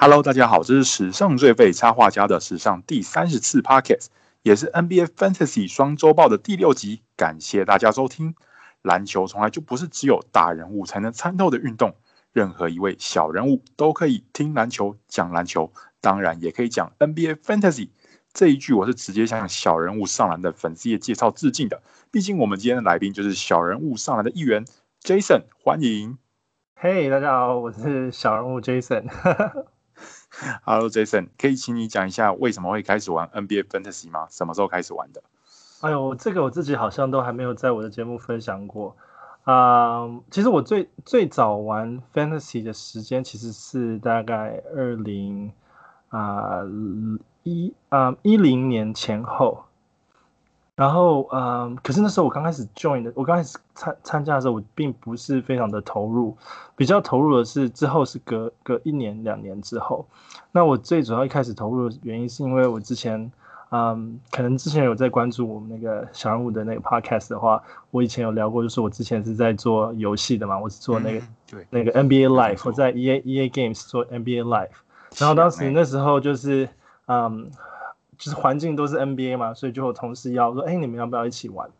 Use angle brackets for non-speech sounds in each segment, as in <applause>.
Hello，大家好，這是史上最廢插畫家的史上第三十次 podcast，也是 NBA Fantasy 雙週報的第六集。感謝大家收聽。籃球從來就不是只有大人物才能參透的運動，任何一位小人物都可以聽籃球講籃球，當然也可以講 NBA Fantasy。這一句我是直接向小人物上籃的粉絲頁介紹致敬的。畢竟我們今天的來賓就是小人物上籃的一員，Jason，歡迎。Hey，大家好，我是小人物 Jason。 <laughs> Hello，Jason，可以請你講一下為什麼會開始玩 NBA Fantasy 嗎？什麼時候開始玩的？哎呦，這個我自己好像都還沒有在我的節目分享過啊，呃，其實我最最早玩 Fantasy 的時間其實是大概二零啊一啊一零年前後。然後，嗯，可是那時候我剛開始 join 的，我剛開始參參加的時候，我並不是非常的投入，比較投入的是之後是隔隔一年兩年之後。那我最主要一開始投入的原因，是因為我之前，嗯，可能之前有在關注我們那個小人物的那個 podcast 的話，我以前有聊過，就是我之前是在做遊戲的嘛，我是做那個、嗯、對那個 NBA Live，我在 EA EA Games 做 NBA Live，、啊、然後當時那時候就是，嗯。嗯就是環境都是 NBA 嘛，所以就有同事要我說：“哎，你們要不要一起玩？”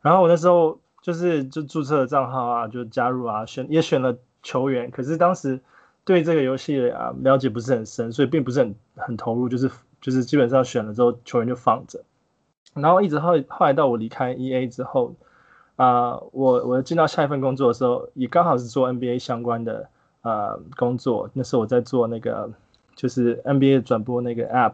然後我那時候就是就註冊了賬號啊，就加入啊，選也選了球員。可是當時對這個遊戲啊了解不是很深，所以並不是很很投入，就是就是基本上選了之後球員就放着。然後一直後後來到我離開 EA 之後啊、呃，我我進到下一份工作的時候，也剛好是做 NBA 相關的呃工作。那時候我在做那個就是 NBA 轉播那個 App。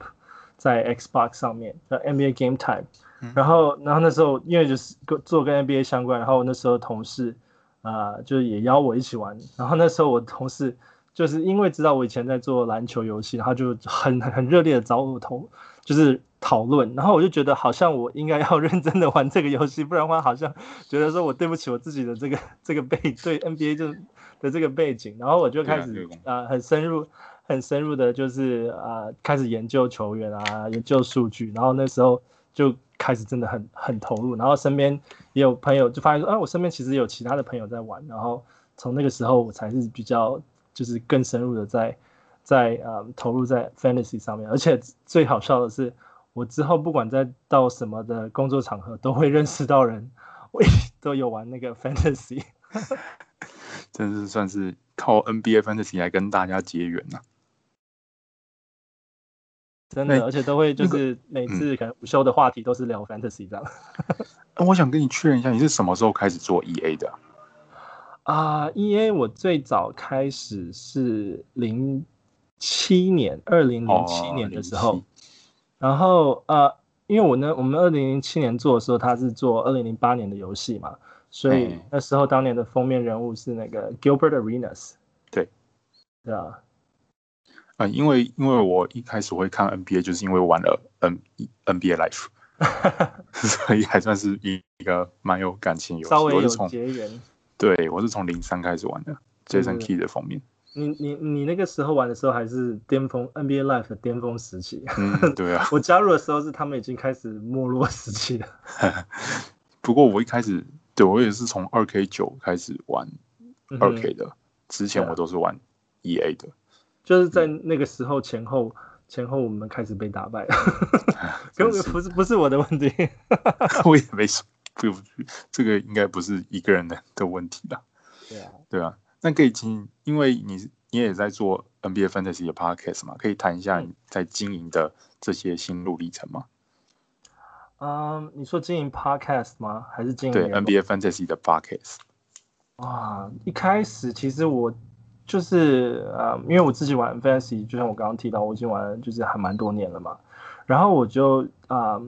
在 Xbox 上面的 NBA Game Time，嗯、然後，然後那時候因為就是做跟 NBA 相關，然後那時候同事啊、呃，就也邀我一起玩。然後那時候我同事就是因為知道我以前在做籃球遊戲，然後就很很熱烈的找我同就是討論。然後我就覺得好像我應該要認真的玩這個遊戲，不然的話好像覺得說我對不起我自己的這個這個背對 NBA 就的這個背景。然後我就開始啊，啊、呃、很深入。很深入的，就是呃，開始研究球員啊，研究數據，然後那時候就開始真的很很投入，然後身邊也有朋友就發現說，哎、啊，我身邊其實有其他的朋友在玩，然後從那個時候我才是比較就是更深入的在在呃投入在 fantasy 上面，而且最好笑的是，我之後不管再到什麼的工作場合，都會認識到人，我一直都有玩那個 fantasy， <laughs> 真是算是靠 NBA Fantasy 來跟大家結緣啊。真的、欸，而且都會就是每次可能午休的話題都是聊 fantasy 這樣、那個。那、嗯 <laughs> 哦、我想跟你確認一下，你是什麼時候開始做 EA 的啊？EA 我最早開始是零七年，二零零七年的時候。哦2007。然後呃、啊，因為我呢，我們二零零七年做的時候，他是做二零零八年的遊戲嘛，所以那時候當年的封面人物是那個 Gilbert Arenas，對，對啊、嗯，因為因為我一開始會看 NBA，就是因為玩了 N, N NBA Life， <laughs> 所以還算是一個蠻有感情、有稍微有結緣。對，我是從零三開始玩的，對對對，Jason Key 的封面。你你你那個時候玩的時候，還是巔峰 NBA Life 的巔峰時期。嗯，對啊。 <laughs> 我加入的時候是他們已經開始沒落時期的。 <laughs> 不過我一開始對我也是從二 K 九開始玩二 K 的、嗯，之前我都是玩 EA 的。就是在那個時候前後、嗯、前後，我們開始被打敗了呵呵。不不是不是我的問題， <laughs> 我也沒說。 <laughs> 這個應該不是一個人的的問題吧、啊？對啊，那可以進行，因為你你也在做 NBA Fantasy 的 Podcast 嘛？可以談一下你在經營的這些心路歷程嗎？嗯，你說經營 Podcast 嗎？還是經營對 NBA Fantasy 的 Podcast？哇，一開始其實我。就是啊、呃，因為我自己玩 Fantasy，就像我剛剛提到，我已經玩了就是還蠻多年了嘛。然後我就啊、呃，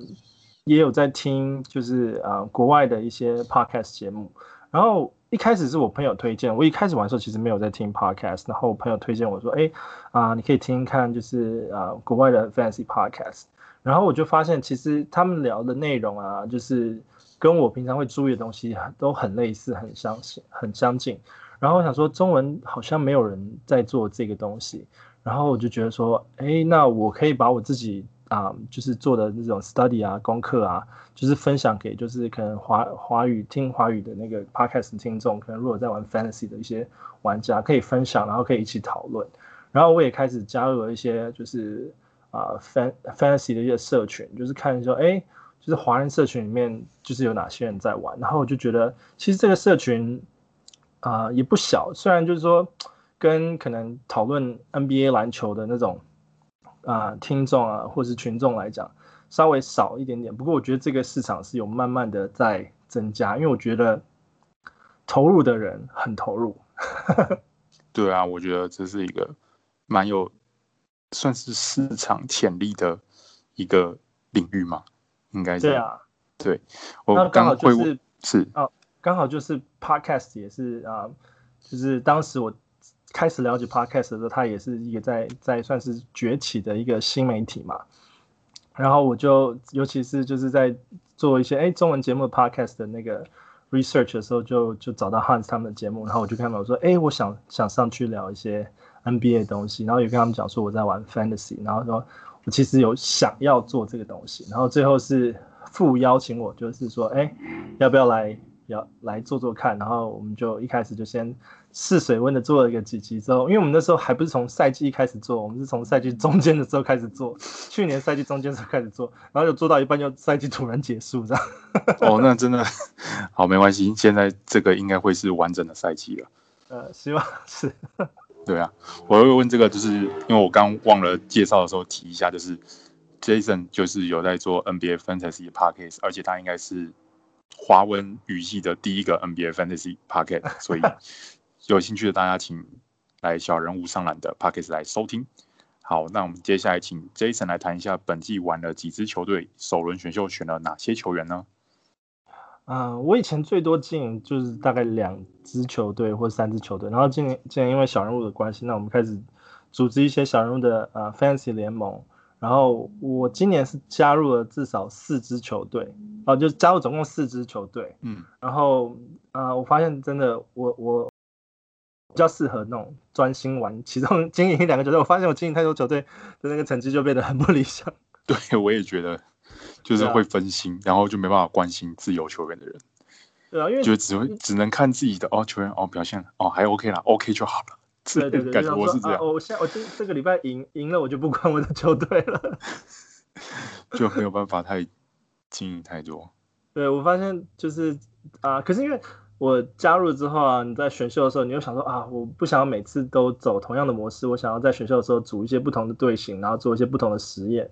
也有在聽，就是啊、呃，國外的一些 Podcast 節目。然後一開始是我朋友推薦，我一開始玩的時候其實沒有在聽 Podcast。然後我朋友推薦我說：“哎啊、呃，你可以聽一看，就是啊、呃，國外的 Fantasy Podcast。”然後我就發現，其實他們聊的內容啊，就是跟我平常會注意的東西都很類似，很相很相近。然後我想說，中文好像沒有人在做這個東西，然後我就覺得說，哎，那我可以把我自己啊、呃，就是做的那種 study 啊、功課啊，就是分享給就是可能華華語聽華語的那個 podcast 聽眾，可能如果在玩 fantasy 的一些玩家可以分享，然後可以一起討論。然後我也開始加入了一些就是啊、呃、fantasy 的一些社群，就是看說，哎，就是華人社群裡面就是有哪些人在玩，然後我就覺得其實這個社群。啊、呃，也不小，雖然就是說，跟可能討論 NBA 籃球的那種啊、呃、聽眾啊，或是群眾來講，稍微少一點點。不過我覺得這個市場是有慢慢的在增加，因為我覺得投入的人很投入。 <laughs> 對啊，我覺得這是一個蠻有算是市場潛力的一個領域嘛，應該是。對啊，對，我剛剛，就是是、哦剛好就是 podcast 也是啊，呃，就是當時我開始了解 podcast 的時候，它也是一個在在算是崛起的一個新媒體嘛。然後我就尤其是就是在做一些哎中文節目的 podcast 的那個 research 的時候就，就就找到 Hans 他們的節目，然後我就看到我說，哎，我想想上去聊一些 NBA 的東西，然後也跟他們講說我在玩 Fantasy，然後說我其實有想要做這個東西，然後最後是副邀請我，就是說哎要不要來。要來做做看，然後我們就一開始就先試水溫的做了一個幾集之後，因為我們那時候還不是從賽季一開始做，我們是從賽季中間的時候開始做，去年賽季中間才開始做，然後就做到一半，就賽季突然結束這樣。哦，那真的好，沒關係，現在這個應該會是完整的賽季了。呃，希望是。對啊，我會問這個，就是因為我剛忘了介紹的時候提一下，就是 Jason 就是有在做 NBA Fantasy 的 Podcast，而且他應該是。華文語系的第一個 NBA Fantasy Podcast，所以有興趣的大家請來小人物上籃的 Podcast 來收聽。好，那我們接下來請 Jason 來談一下，本季玩了幾支球隊，首輪選秀選了哪些球員呢？嗯、呃，我以前最多進就是大概兩支球隊或三支球隊，然後今年今年因為小人物的關係，那我們開始組織一些小人物的呃 Fantasy 聯盟。然後我今年是加入了至少四支球隊，哦、啊，就加入總共四支球隊，嗯，然後啊、呃，我發現真的，我我比較適合那種專心玩其中經營一兩個球隊。我發現我經營太多球隊的那個成績就變得很不理想。對，我也覺得，就是會分心，啊、然後就沒辦法關心自由球員的人。對啊，因為就只會只能看自己的哦球員哦表現哦還 OK 啦 OK 就好了。對對對，說， <laughs> 我是這樣。啊、我現在，我今這個禮拜贏贏了，我就不管我的球隊了， <laughs> 就沒有辦法太經營太多。對，我發現就是啊、呃，可是因為我加入之後啊，你在選秀的時候，你又想說啊，我不想要每次都走同樣的模式，我想要在選秀的時候組一些不同的隊形，然後做一些不同的實驗，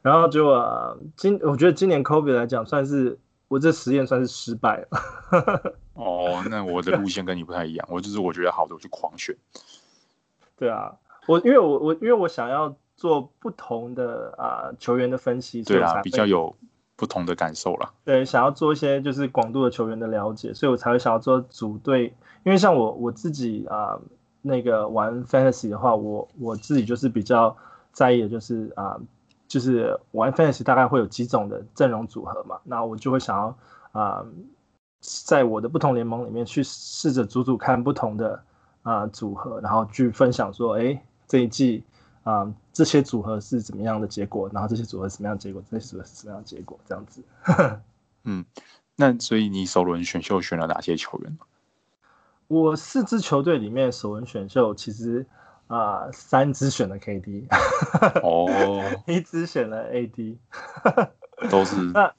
然後就、呃、今我覺得今年 COVID 來講，算是我這實驗算是失敗了。 <laughs> 哦，那我的路線跟你不太一樣， <laughs> 我就是我覺得好的，我就狂選。對啊，我因為我我因為我想要做不同的啊、呃、球員的分析，所以才，對啊，比較有不同的感受了。對，想要做一些就是廣度的球員的了解，所以我才會想要做組隊。因為像我我自己啊、呃、那個玩 Fantasy 的話，我我自己就是比較在意的就是啊、呃，就是玩 Fantasy 大概會有幾種的陣容組合嘛，那我就會想要啊、呃，在我的不同聯盟裡面去試着組組看不同的。啊、呃，組合，然後去分享說，哎，這一季啊、呃，這些組合是怎麼樣的結果？然後這些組合是什麼樣的結果？這些組合是什麼樣的結果？這樣子呵呵。嗯，那所以你首輪選秀選了哪些球員？我四支球隊裡面，首輪選秀其實啊、呃，三支選了 KD，呵呵哦，一支選了 AD，都是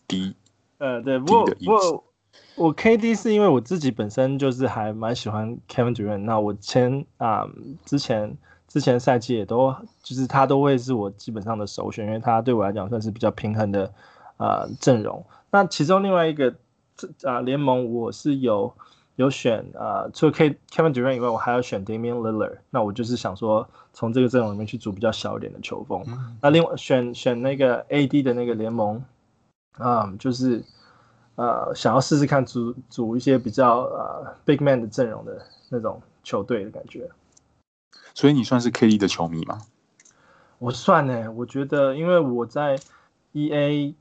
D，呃，對，D 的意思。我 KD 是因為我自己本身就是還蠻喜歡 Kevin Durant，那我前啊、嗯、之前之前賽季也都就是他都會是我基本上的首選，因為他對我來講算是比較平衡的啊、呃、陣容。那其中另外一個這啊、呃、聯盟我是有有選啊、呃，除了 K Kevin Durant 以外，我還要選 Damian Lillard。那我就是想說從這個陣容裡面去組比較小一點的球風、嗯。那另外選選那個 AD 的那個聯盟啊、嗯，就是。呃，想要試試看組組一些比較呃，big man 的陣容的那種球隊的感覺。所以你算是 KD 的球迷嗎？我算呢、欸，我覺得，因為我在 EA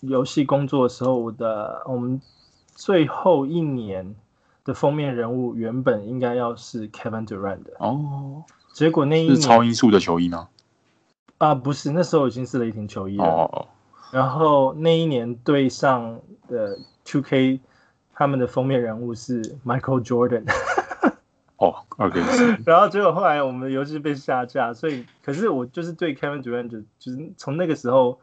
遊戲工作的時候，我的我們最後一年的封面人物原本應該要是 Kevin Durant 的哦，結果那一年是超音速的球衣嗎？啊、呃，不是，那時候已經是雷霆球衣了。哦哦哦然後那一年對上的 2K，他們的封面人物是 Michael Jordan。哦，OK。然後結果後來我們的遊戲被下架，所以可是我就是對 Kevin Durant、就是、就是從那個時候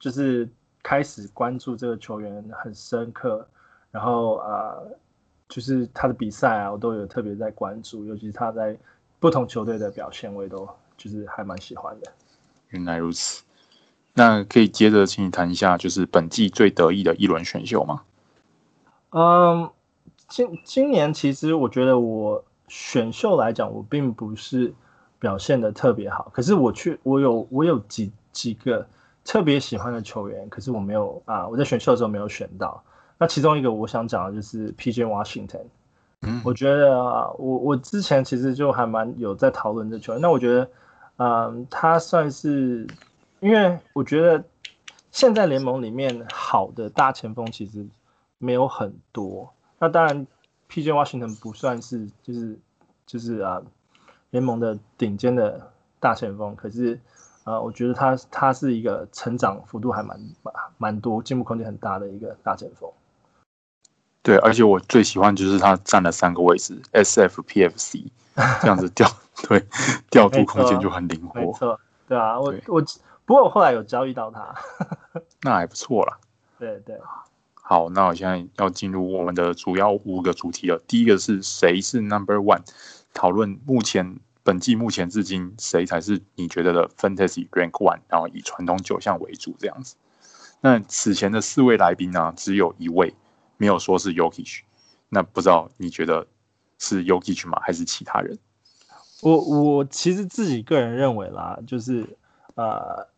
就是開始關注這個球員，很深刻。然後啊、呃，就是他的比賽啊，我都有特別在關注，尤其是他在不同球隊的表現，我也都就是還蠻喜歡的。原來如此。那可以接着請你談一下，就是本季最得意的一輪選秀嗎？嗯，今今年其實我覺得我選秀來講，我並不是表現得特別好，可是我去我有我有幾幾個特別喜歡的球員，可是我沒有啊，我在選秀的時候沒有選到。那其中一個我想講的就是 P. J. Washington，嗯，我覺得啊，我我之前其實就還蠻有在討論這球員，那我覺得嗯，他算是。因為我覺得現在聯盟裡面好的大前鋒其實沒有很多。那當然，P. J. Washington 不算是就是就是啊聯盟的頂尖的大前鋒，可是啊、呃，我覺得他他是一個成長幅度還蠻蠻蠻多、進步空間很大的一個大前鋒。對，而且我最喜歡就是他站了三個位置：S. F. P. F. C. 這樣子調 <laughs> 對，調度空間就很靈活。沒錯，沒錯，對啊，我我。不過我後來有交易到他 <laughs> ，那還不錯了。 <laughs> 對對，好，那我現在要進入我們的主要五個主題了。第一個是誰是 Number One？討論目前本季目前至今誰才是你覺得的 Fantasy Rank One？然後以傳統九項為主這樣子。那此前的四位來賓呢、啊，只有一位沒有說是 Yokich，那不知道你覺得是 Yokich 嗎？還是其他人？我我其實自己個人認為啦，就是呃。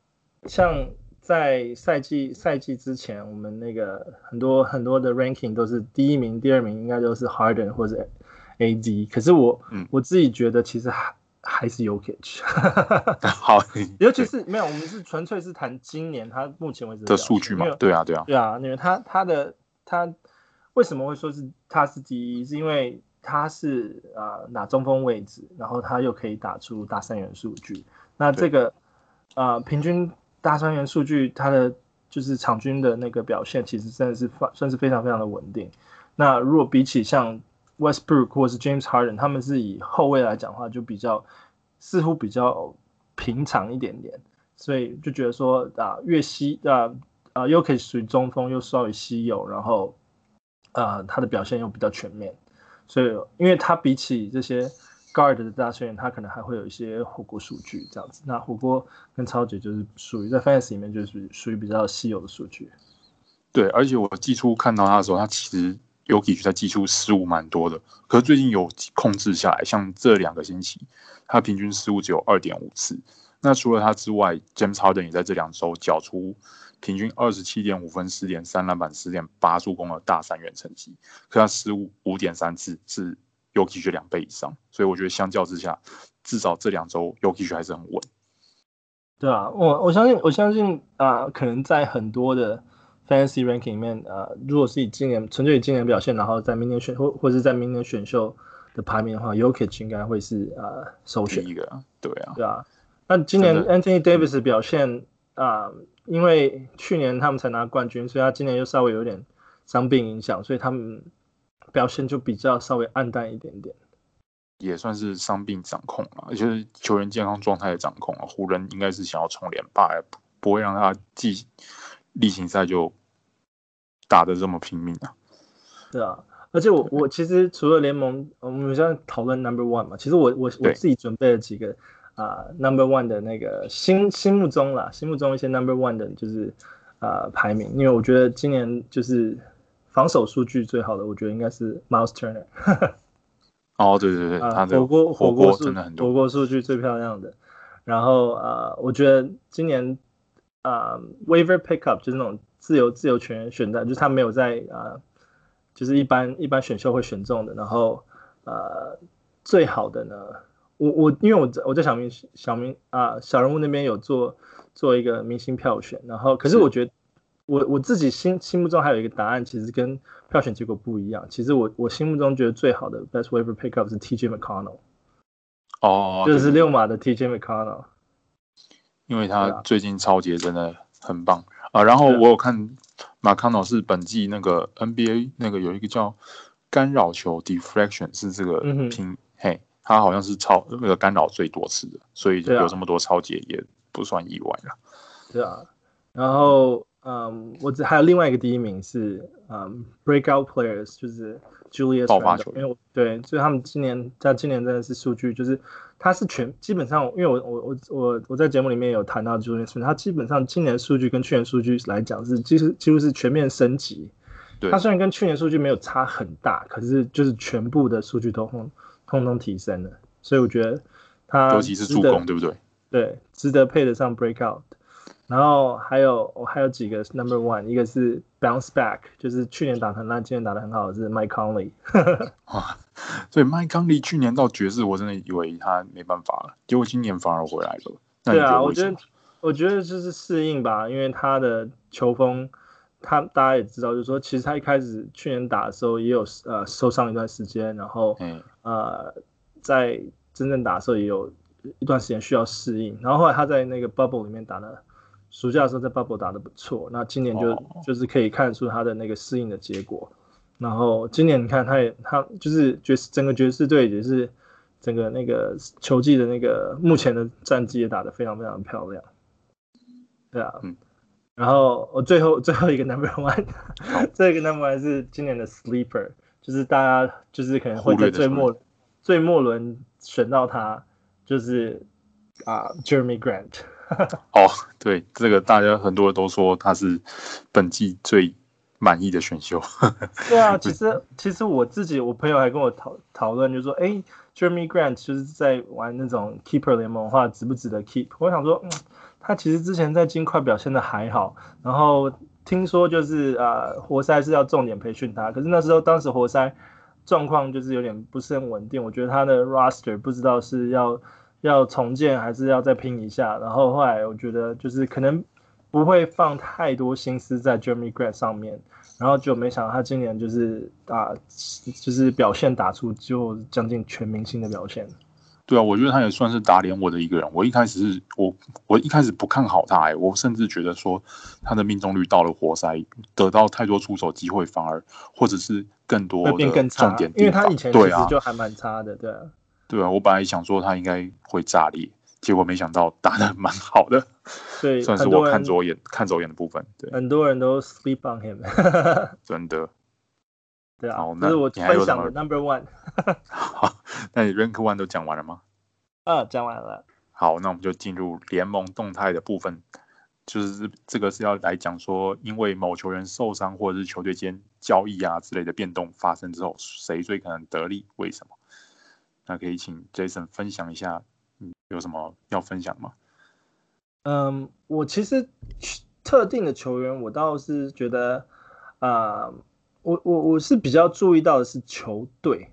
像在賽季賽季之前，我們那個很多很多的 ranking 都是第一名、第二名，應該都是 Harden 或者 AD。可是我、嗯、我自己覺得，其實還還是有 Jokic，哈哈，好，尤其是沒有，我們是純粹是談今年他目前為止的數據嘛？對啊，對啊，對啊。因為他他的他為什麼會說是他是第一？是因為他是啊、呃、打中鋒位置，然後他又可以打出大三元數據。那這個啊、呃、平均。大三元數據，他的就是場均的那個表現，其實真的是算算是非常非常的穩定。那如果比起像 Westbrook 或者是 James Harden，他們是以後衛來講的話，就比較似乎比較平常一點點。所以就覺得說啊，越稀，啊啊，又可以屬於中鋒，又稍微稀有，然後呃，他、啊、的表現又比較全面。所以，因為他比起這些。Guard 的大三元，他可能還會有一些火鍋數據這樣子。那火鍋跟超級就是屬於在 fans 裡面就是屬於比較稀有的數據。對，而且我寄出看到他的時候，他其實有過去他寄出失誤蠻多的，可是最近有控制下來。像這兩個星期，他平均失誤只有二點五次。那除了他之外，James Harden 也在這兩周繳出平均二十七點五分、十點三籃板、十點八助攻的大三元成績，可是他失誤五點三次是。Jokic 是兩倍以上，所以我覺得相較之下，至少這兩周 Jokic 還是很穩。對啊，我我相信，我相信啊、呃，可能在很多的 Fantasy Ranking 裡面，呃，如果是以今年純粹以今年表現，然後在明年選或或是在明年選秀的排名的話 Jokic 應該會是呃，首選一個、啊。對啊，對啊。那今年 Anthony Davis 表現啊、呃，因為去年他們才拿冠軍，所以他今年又稍微有點傷病影響，所以他們。表現就比較稍微暗淡一點點，也算是傷病掌控了，就是球員健康狀態的掌控了、啊。湖人應該是想要衝連霸、欸，不會讓他季例行賽就打得這麼拼命啊。對啊，而且我我其實除了聯盟，我們現在討論 Number One 嘛，其實我我我自己準備了幾個啊 Number One 的那個心心目中啦，心目中一些 Number One 的就是呃排名，因為我覺得今年就是。防守數據最好的，我覺得應該是 Myles Turner。 <laughs> 哦、oh,，對對對，啊、呃，火鍋火鍋真的很多，火鍋數據最漂亮的。然後啊、呃，我覺得今年啊、呃、，Waiver Pick Up 就是那種自由自由權選的，就是他沒有在啊、呃，就是一般一般選秀會選中的。然後啊、呃、最好的呢，我我因為我在我在小明小明啊、呃、小人物那邊有做做一個明星票選，然後可是我覺得。我我自己心心目中還有一個答案，其實跟票選結果不一樣。其實我我心目中覺得最好的 best waiver、we'll、pickup 是 T J. McConnell，哦、oh,，就是溜馬的 T J. McConnell，因為他最近抄截真的很棒啊，啊。然後我有看 McConnell 是本季那個 N B A 那個有一個叫干擾球 deflection 是這個評、嗯、嘿，他好像是超那個干擾最多次的，所以就有這麼多抄截也不算意外了、啊。對啊，然後。嗯、um,，我只還有另外一個第一名是嗯、um,，Breakout Players，就是 Julius 爆發球員，因為我對，所以他們今年在今年真的是數據，就是他是全基本上，因為我我我我我在節目裡面有談到 Julius，他基本上今年數據跟去年數據來講是其實幾乎是全面升級。對。他雖然跟去年數據沒有差很大，可是就是全部的數據都通通通提升了，所以我覺得他得尤其是助攻，對不對？對，值得配得上 Breakout。然後還有我還有幾個是 number one，一個是 bounce back，就是去年打很爛，那今年打得很好，是 Mike Conley 呵呵。哇，所以 Mike Conley 去年到爵士，我真的以為他沒辦法了，結果今年反而回來了。對啊，我覺得我覺得就是適應吧，因為他的球風，他大家也知道，就是說其實他一開始去年打的時候也有呃受傷一段時間，然後、嗯、呃在真正打的時候也有一段時間需要適應，然後後來他在那個 bubble 裡面打的。暑假的時候在 Bubble 打得不錯，那今年就就是可以看出他的那個適應的結果。Oh. 然後今年你看他也他就是爵士整個爵士隊也就是整個那個球季的那個目前的戰績也打得非常非常漂亮，對啊，然後我最後最後一個 number one，這、oh. 個 number one 是今年的 sleeper，就是大家就是可能會在最末、oh. 最末輪選到他，就是啊 Jeremy Grant、uh.。哦、 <laughs> oh，對，這個大家很多人都說他是本季最滿意的選秀。 <laughs> 對啊，其實其實我自己，我朋友還跟我討討論，就是說，哎、欸、Jeremy Grant 就是在玩那種 Keeper 聯盟的話，值不值得 Keep？我想說，嗯、他其實之前在金塊表現的還好，然後聽說就是啊、呃，活塞是要重點培訓他，可是那時候當時活塞狀況就是有點不是很穩定，我覺得他的 Roster 不知道是要要重建還是要再拼一下，然後後來我覺得就是可能不會放太多心思在 Jeremy Grant 上面，然後就沒想到他今年就是打、啊、就是表現打出就將近全明星的表現。對啊，我覺得他也算是打臉我的一個人。我一開始是我我一開始不看好他哎，我甚至覺得說他的命中率到了活塞得到太多出手機會反而或者是更多重點會變更差，因為他以前其實就還蠻差的，對、啊。對啊。對、啊、我本來想說他應該會炸裂，結果沒想到打得蠻好的，對，算是我看走眼看走眼的部分。對，很多人都 sleep on him， <laughs> 真的。對啊，這、就是我分享的 number one。 <laughs> 好，那你 rank one 都講完了嗎？啊、uh,，講完了。好，那我們就進入聯盟動態的部分，就是這個是要來講說，因為某球員受傷或者是球隊間交易啊之類的變動發生之後，誰最可能得利？為什麼？那可以請 Jason 分享一下，嗯、有什麼要分享嗎？嗯、um,，我其實特定的球員，我倒是覺得，啊、呃，我我我是比較注意到的是球隊，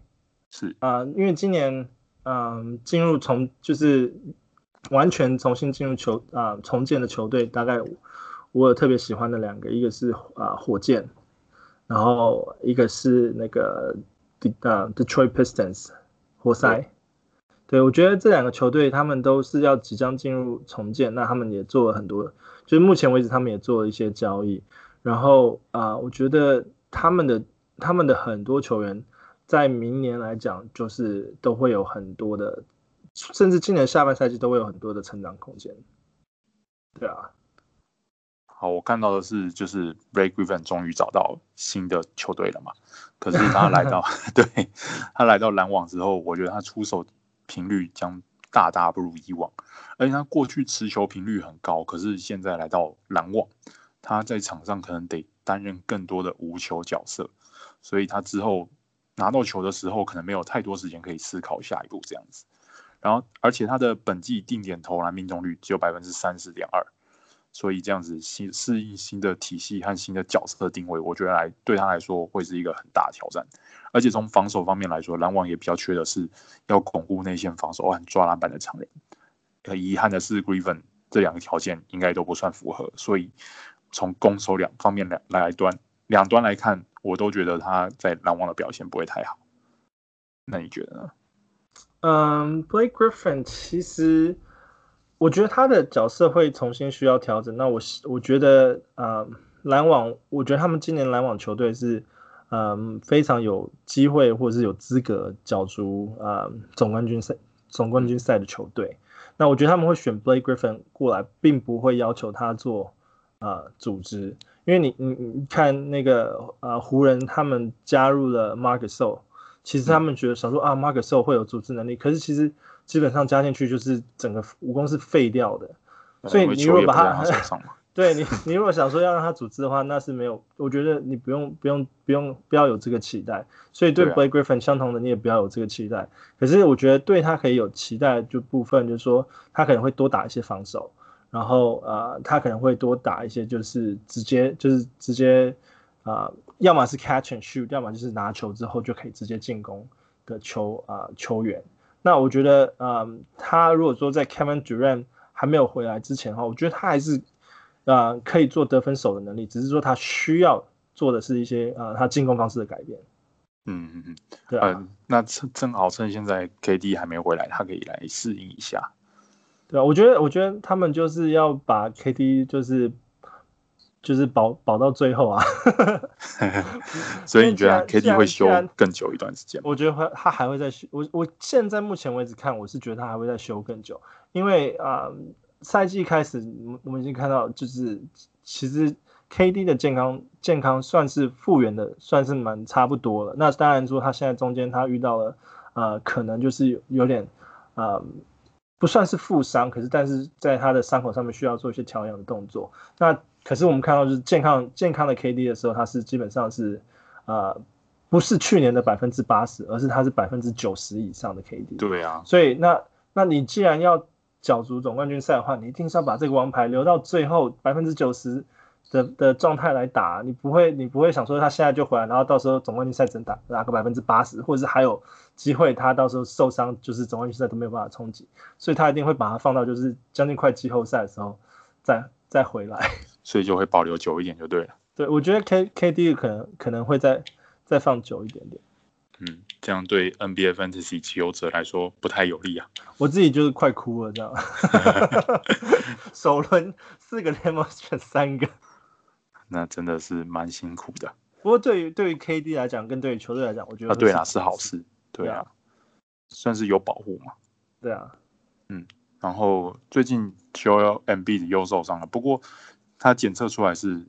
是啊、呃，因為今年，嗯、呃，進入重就是完全重新進入球啊、呃、重建的球隊，大概我，我特別喜歡的兩個，一個是啊、呃、火箭，然後一個是那個 D 呃、uh, Detroit Pistons。活塞，對，對我覺得這兩個球隊，他們都是要即將進入重建，那他們也做了很多，就是目前為止，他們也做了一些交易，然後啊、呃，我覺得他們的他們的很多球員，在明年來講，就是都會有很多的，甚至今年下半賽季都會有很多的成長空間，對啊。我看到的是，就是 Blake Griffin 終於找到新的球隊了嘛。可是他來到，對他來到籃網之後，我覺得他出手頻率將大大不如以往，而且他過去持球頻率很高，可是現在來到籃網，他在場上可能得擔任更多的無球角色，所以他之後拿到球的時候，可能沒有太多時間可以思考下一步這樣子。然後，而且他的本季定點投籃命中率只有百分之三十點二。所以這樣子新適應新的體系和新的角色定位，我覺得來對他來說會是一個很大的挑戰。而且從防守方面來說，籃網也比較缺的是要鞏固內線防守和抓籃板的場面。很遺憾的是，Griffin 這兩個條件應該都不算符合。所以從攻守兩方面來來端兩端來看，我都覺得他在籃網的表現不會太好。那你覺得呢？嗯，um，Blake Griffin 其實。我覺得他的角色會重新需要調整。那我我覺得啊、呃，籃網，我覺得他們今年籃網球隊是，嗯、呃，非常有機會或者是有資格角逐啊、呃、總冠軍賽、總冠軍賽的球隊。那我覺得他們會選 Blake Griffin 過來，並不會要求他做啊、呃、組織，因為你你你看那個啊湖、呃、人他們加入了 Marc Gasol 其實他們覺得、嗯、想說啊 Marc Gasol 會有組織能力，可是其實。基本上加進去就是整個武功是廢掉的，所以你如果把他，讓他上 <laughs> 對，你你如果想說要讓他組織的話，那是沒有。我覺得你不用不用不用不要有這個期待，所以對 Blake Griffin 相同的你也不要有這個期待。啊、可是我覺得對他可以有期待，就部分就是說他可能會多打一些防守，然後呃他可能會多打一些就是直接就是直接啊、呃，要麼是 catch and shoot，要麼就是拿球之後就可以直接進攻的球啊、呃、球員。那我覺得，嗯、呃，他如果說在 Kevin Durant 還沒有回來之前哈，我覺得他還是，啊、呃，可以做得分手的能力，只是說他需要做的是一些呃，他進攻方式的改變。嗯嗯嗯，對啊，呃、那正正好趁現在 KD 還沒回來，他可以來適應一下。對啊，我覺得，我覺得他們就是要把 KD 就是。就是保保到最後啊， <laughs> <laughs> 所以你,你覺得 KD 會休更久一段時間？我覺得他他還會再休。我我現在目前為止看，我是覺得他還會再休更久，因為啊，賽、呃、季開始我們已經看到，就是其實 KD 的健康健康算是復原的，算是蠻差不多了。那當然說他現在中間他遇到了呃，可能就是有點、呃、不算是負傷，可是但是在他的傷口上面需要做一些調養的動作。那可是我們看到，就是健康健康的 KD 的時候，它是基本上是，呃，不是去年的百分之八十，而是它是百分之九十以上的 KD。對啊。所以那那你既然要角逐總冠軍賽的話，你一定是要把這個王牌留到最後百分之九十的的狀態來打。你不會你不會想說他現在就回來，然後到時候總冠軍賽只能打打個百分之八十，或者是還有機會他到時候受傷就是總冠軍賽都沒有辦法衝擊，所以他一定會把它放到就是將近快季後賽的時候再再回來。所以就會保留久一點就對了。對，我覺得 K K D 可能可能會再再放久一點點。嗯，這樣對 N B A Fantasy 自由者來說不太有利啊。我自己就是快哭了，這樣。 <laughs> <laughs> <laughs> <laughs> 首輪四個聯盟選三個，那真的是蠻辛苦的。不過對於對於 K D 來講，跟對於球隊來講，我覺得、啊、對是好事對、啊，對啊，算是有保護嘛。對啊，嗯，然後最近 Q L M B 的又受傷了，不過。他檢測出來是，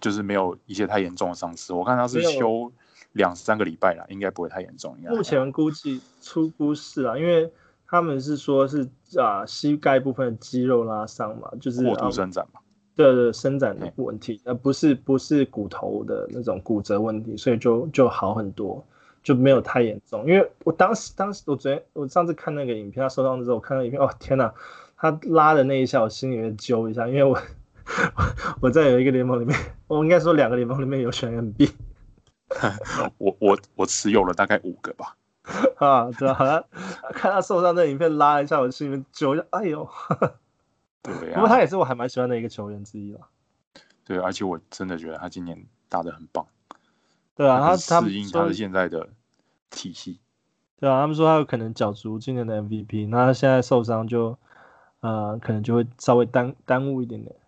就是沒有一些太嚴重的傷勢，我看他是休兩三個禮拜了，應該不會太嚴重。目前估計初步是啊， <laughs> 因為他們是說是啊膝蓋部分的肌肉拉傷嘛，就是、啊、過度伸展嘛。對，對對，伸展的問題，而不是不是骨頭的那種骨折問題，所以就就好很多，就沒有太嚴重。因為我當時當時我昨天我上次看那個影片，他受傷的時候，我看到影片哦天吶、啊，他拉的那一下，我心裡面揪一下，因為我。 <laughs> <laughs> 我在有一個聯盟裡面，我應該說兩個聯盟裡面有選 M B， <laughs> <laughs> 我我我持有了大概五個吧 <laughs> 啊，對啊，他看他受傷的影片，拉一下，我心裡面揪一下，哎呦， <laughs> 對呀、啊。不過他也是我還蠻喜歡的一個球員之一吧。對、啊，而且我真的覺得他今年打得很棒。對啊，他適應他現在的體系。對啊，他們說他有可能角逐今年的 M V P，那他現在受傷就，呃，可能就會稍微耽耽誤一點點。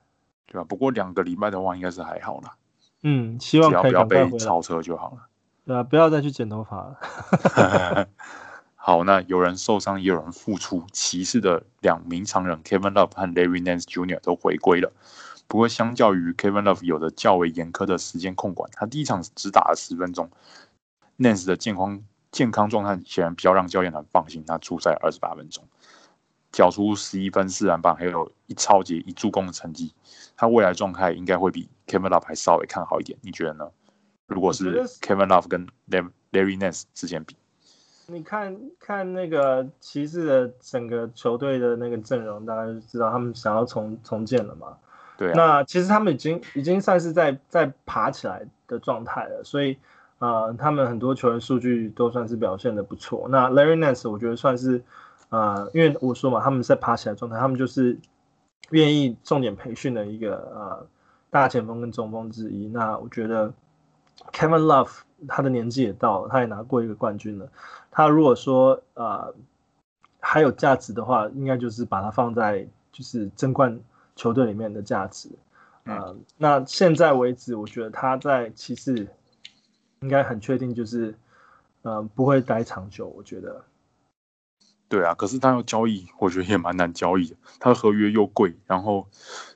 對吧、啊？不過兩個禮拜的話，應該是還好啦。嗯，希望只要不要被超車就好了。對啊，不要再去剪頭髮了。 <laughs> <laughs> 好，那有人受傷，也有人付出。騎士的兩名常人 Kevin Love 和 Larry Nance Jr 都回歸了。不過相較於 Kevin Love 有着較為嚴苛的時間控管，他第一場只打了十分鐘。Nance 的健康健康狀態顯然比較讓教練很放心，他出賽二十八分鐘，繳出十一分四籃板，還有一抄截一助攻的成績，他未來狀態應該會比 Kevin Love 還稍微看好一點，你覺得呢？如果是 Kevin Love 跟 Larry Nance 之間比，你看看那個騎士的整個球隊的那個陣容，大家就知道他們想要重重建了嘛。對、啊，那其實他們已經已經算是在在爬起來的狀態了，所以呃，他們很多球員數據都算是表現得不錯。那 Larry Nance 我覺得算是。呃，因為我說嘛，他們在爬起來狀態，他們就是願意重點培訓的一個呃大前鋒跟中鋒之一。那我覺得 Kevin Love 他的年紀也到了，他也拿過一個冠軍了。他如果說呃還有價值的話，應該就是把他放在就是爭冠球隊裡面的價值。啊、呃嗯，那現在為止，我覺得他在騎士應該很確定就是呃不會待長久，我覺得。對啊，可是他要交易，我覺得也蠻難交易的。他合約又貴，然後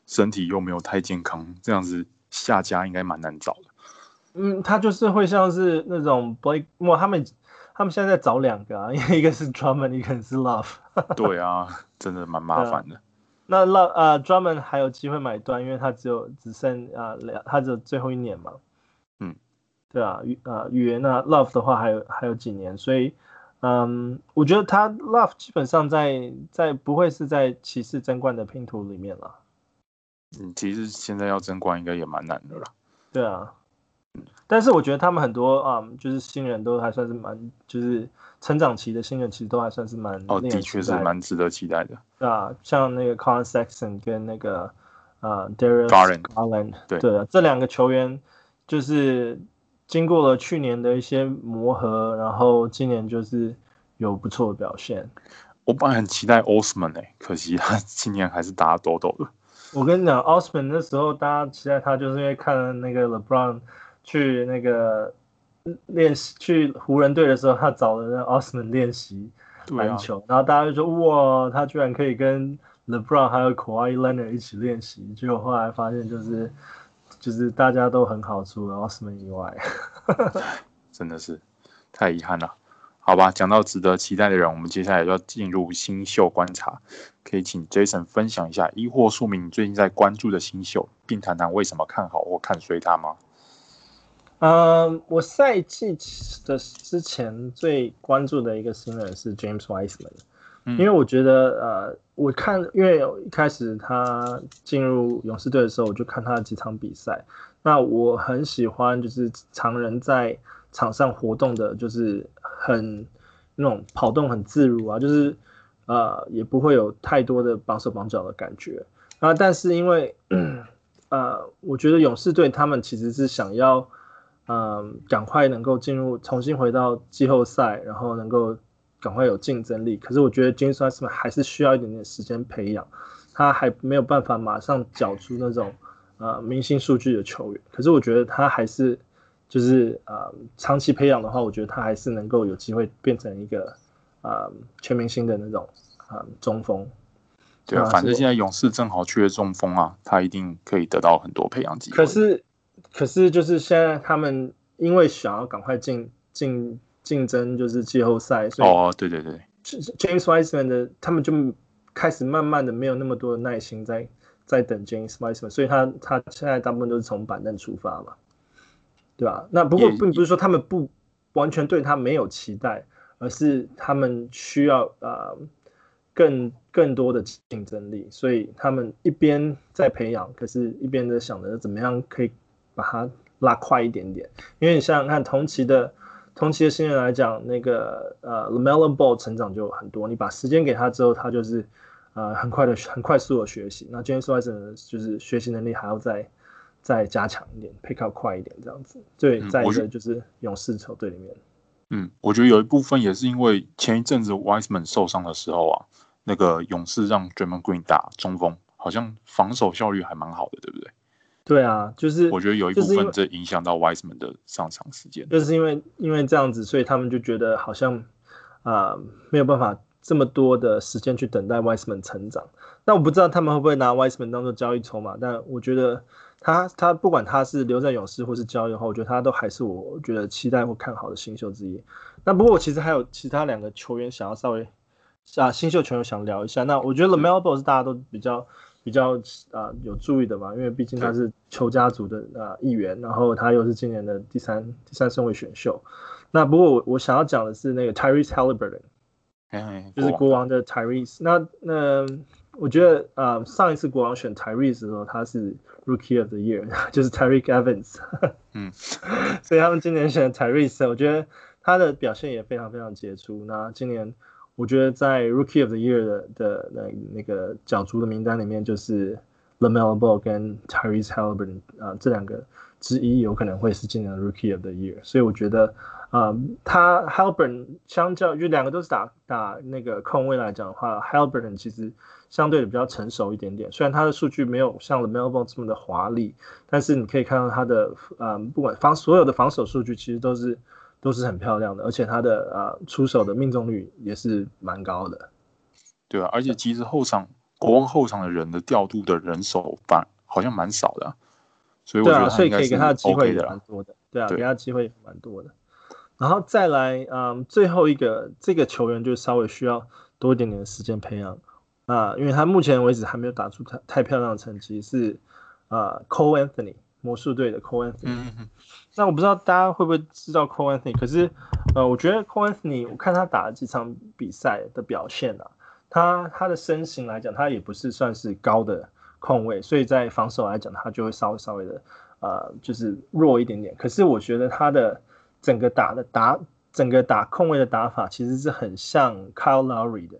身體又沒有太健康，這樣子下家應該蠻難找的。嗯，他就是會像是那種 Blake 他們他們現在在找兩個啊，因為一個是 Drummond，一個是 Love。 <laughs> 對啊，真的蠻麻煩的。啊、那 Love 呃 Drummond 還有機會買斷，因為他只有只剩啊兩、呃，他只有最後一年嘛。嗯，對啊，呃，啊語，那 Love 的話還有還有幾年，所以。嗯、um,，我覺得他 Love 基本上在在不會是在騎士爭冠的拼圖裡面了。嗯，其實現在要爭冠應該也蠻難的了。對啊、嗯，但是我覺得他們很多啊，um, 就是新人都還算是蠻，就是成長期的新人其實都還算是蠻哦，的確是蠻值得期待的。啊，像那個 Collin Sexton 跟那個啊、uh, Darren Garland, Garland，對對啊，這兩個球員就是。經過了去年的一些磨合，然後今年就是有不錯的表現。我本來很期待 o 奧斯曼誒，可惜他今年還是打得抖抖的。我跟你講，Osman 那時候大家期待他，就是因為看了那個 LeBron 去那個練習去湖人隊的時候，他找了那奧斯曼練習籃球，對啊，然後大家就說哇，他居然可以跟 LeBron 還有 Kawhi Leonard 一起練習，結果後來發現就是。嗯就是大家都很好，除了奧斯曼以外， <laughs> 真的是太遺憾了。好吧，講到值得期待的人，我們接下來就要進入新秀觀察。可以請 Jason 分享一下，一或數名最近在關注的新秀，並談談為什麼看好或看衰他嗎？嗯、呃，我賽季的之前最關注的一個新人是 James Wiseman。因為我覺得，呃，我看，因為一開始他進入勇士隊的時候，我就看他的幾場比賽。那我很喜歡，就是常人在場上活動的，就是很那種跑動很自如啊，就是呃，也不會有太多的綁手綁腳的感覺。啊、呃，但是因為，呃，我覺得勇士隊他們其實是想要，嗯、呃，趕快能夠進入重新回到季後賽，然後能夠。趕快有競爭力，可是我覺得詹姆斯懷斯曼還是需要一點點時間培養，他還沒有辦法馬上繳出那種呃明星數據的球員。可是我覺得他還是就是呃長期培養的話，我覺得他還是能夠有機會變成一個呃全明星的那種啊、呃、中鋒。對啊，反正現在勇士正好缺中鋒啊，他一定可以得到很多培養機會。可是，可是就是現在他們因為想要趕快進進。競爭就是季後賽，所以哦、oh, 對對對，James Wiseman 的他們就開始慢慢的沒有那麼多的耐心在在等 James Wiseman，所以他他現在大部分都是從板凳出發嘛，對吧？那不過並不是說他們不完全對他沒有期待，而是他們需要呃更更多的競爭力，所以他們一邊在培養，可是一邊在想着怎麼樣可以把他拉快一點點，因為你想想看同期的。同期的新人來講，那個呃，LaMelo Ball 成長就很多。你把時間給他之後，他就是，呃，很快的、很快速的學習。那今天 Wiseman 就是學習能力還要再再加強一點，pick up 快一點這樣子。對，再一個就是勇士球隊裡面嗯，嗯，我覺得有一部分也是因為前一陣子 Wiseman 受傷的時候啊，那個勇士讓 Draymond Green 打中鋒，好像防守效率還蠻好的，對不對？對啊，就是我覺得有一部分就這影響到 Wiseman 的上場時間，就是因為因為這樣子，所以他們就覺得好像啊、呃、沒有辦法這麼多的時間去等待 Wiseman 成長。那我不知道他們會不會拿 Wiseman 當做交易籌碼，但我覺得他他不管他是留在勇士或是交易的話，我覺得他都還是我覺得期待或看好的新秀之一。那不過我其實還有其他兩個球員想要稍微啊新秀球員想聊一下，那我覺得 LaMelo 是大家都比較。比較啊、呃、有注意的嘛，因為畢竟他是球家族的啊一、呃、員，然後他又是今年的第三第三順位選秀。那不過我我想要講的是那個 Tyrese Haliburton，嘿嘿嘿，就是國王的 Tyrese。那那我覺得啊、呃、上一次國王選 Tyrese 的時候，他是 Rookie of the Year，就是 Tyreke Evans。 <laughs> 嗯， <laughs> 所以他們今年選 Tyrese，我覺得他的表現也非常非常傑出。那今年。我覺得在 Rookie of the Year 的的那那個角逐的名單裡面，就是 LaMelo Ball 跟 Tyrese Haliburton 啊、呃、這兩個之一有可能會是今年的 Rookie of the Year，所以我覺得啊、呃，他 Haliburton 相較於兩個都是打打那個控衛來講的話，Haliburton 其實相對的比較成熟一點點。雖然他的數據沒有像 LaMelo Ball 這麼的華麗，但是你可以看到他的啊、呃，不管防所有的防守數據其實都是。都是很漂亮的，而且他的、呃、出手的命中率也是蠻高的，對啊，而且其實後場國王後場的人的調度的人手反好像蠻少的，所以我、OK 對啊、所以可以給他的機會的蠻多的對，對啊，給他的機會也蠻多的。然後再來，嗯、呃，最後一個這個球員就稍微需要多一點點的時間培養啊、呃，因為他目前為止還沒有打出太太漂亮的成績，是啊、呃、，Cole Anthony 魔術隊的 Cole Anthony。嗯那我不知道大家會不會知道 Cole Anthony，可是，呃，我覺得 Cole Anthony，我看他打了幾場比賽的表現啊，他他的身形來講，他也不是算是高的控衛，所以在防守來講，他就會稍微稍微的，呃，就是弱一點點。可是我覺得他的整個打的打整個打控衛的打法，其實是很像 Kyle Lowry 的。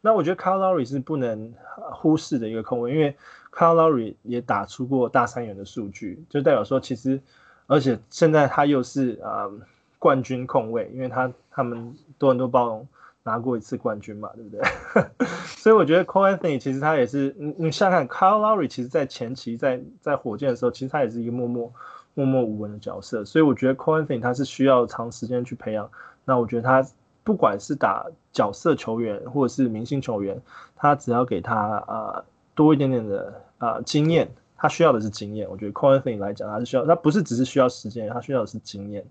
那我覺得 Kyle Lowry 是不能忽視的一個控衛，因為 Kyle Lowry 也打出過大三元的數據，就代表說其實。而且現在他又是啊、呃、冠軍控衛，因為他他們多倫多包容拿過一次冠軍嘛，對不對？ <laughs> 所以我覺得 Cole Anthony 其實他也是，你你想想看，Kyle Lowry 其實，在前期在在火箭的時候，其實他也是一個默默默默無聞的角色。所以我覺得 Cole Anthony 他是需要長時間去培養。那我覺得他不管是打角色球員，或者是明星球員，他只要給他啊、呃、多一點點的啊、呃、經驗。他需要的是經驗，我覺得。Cole Anthony 來講，他是需要，他不是只是需要時間，他需要的是經驗。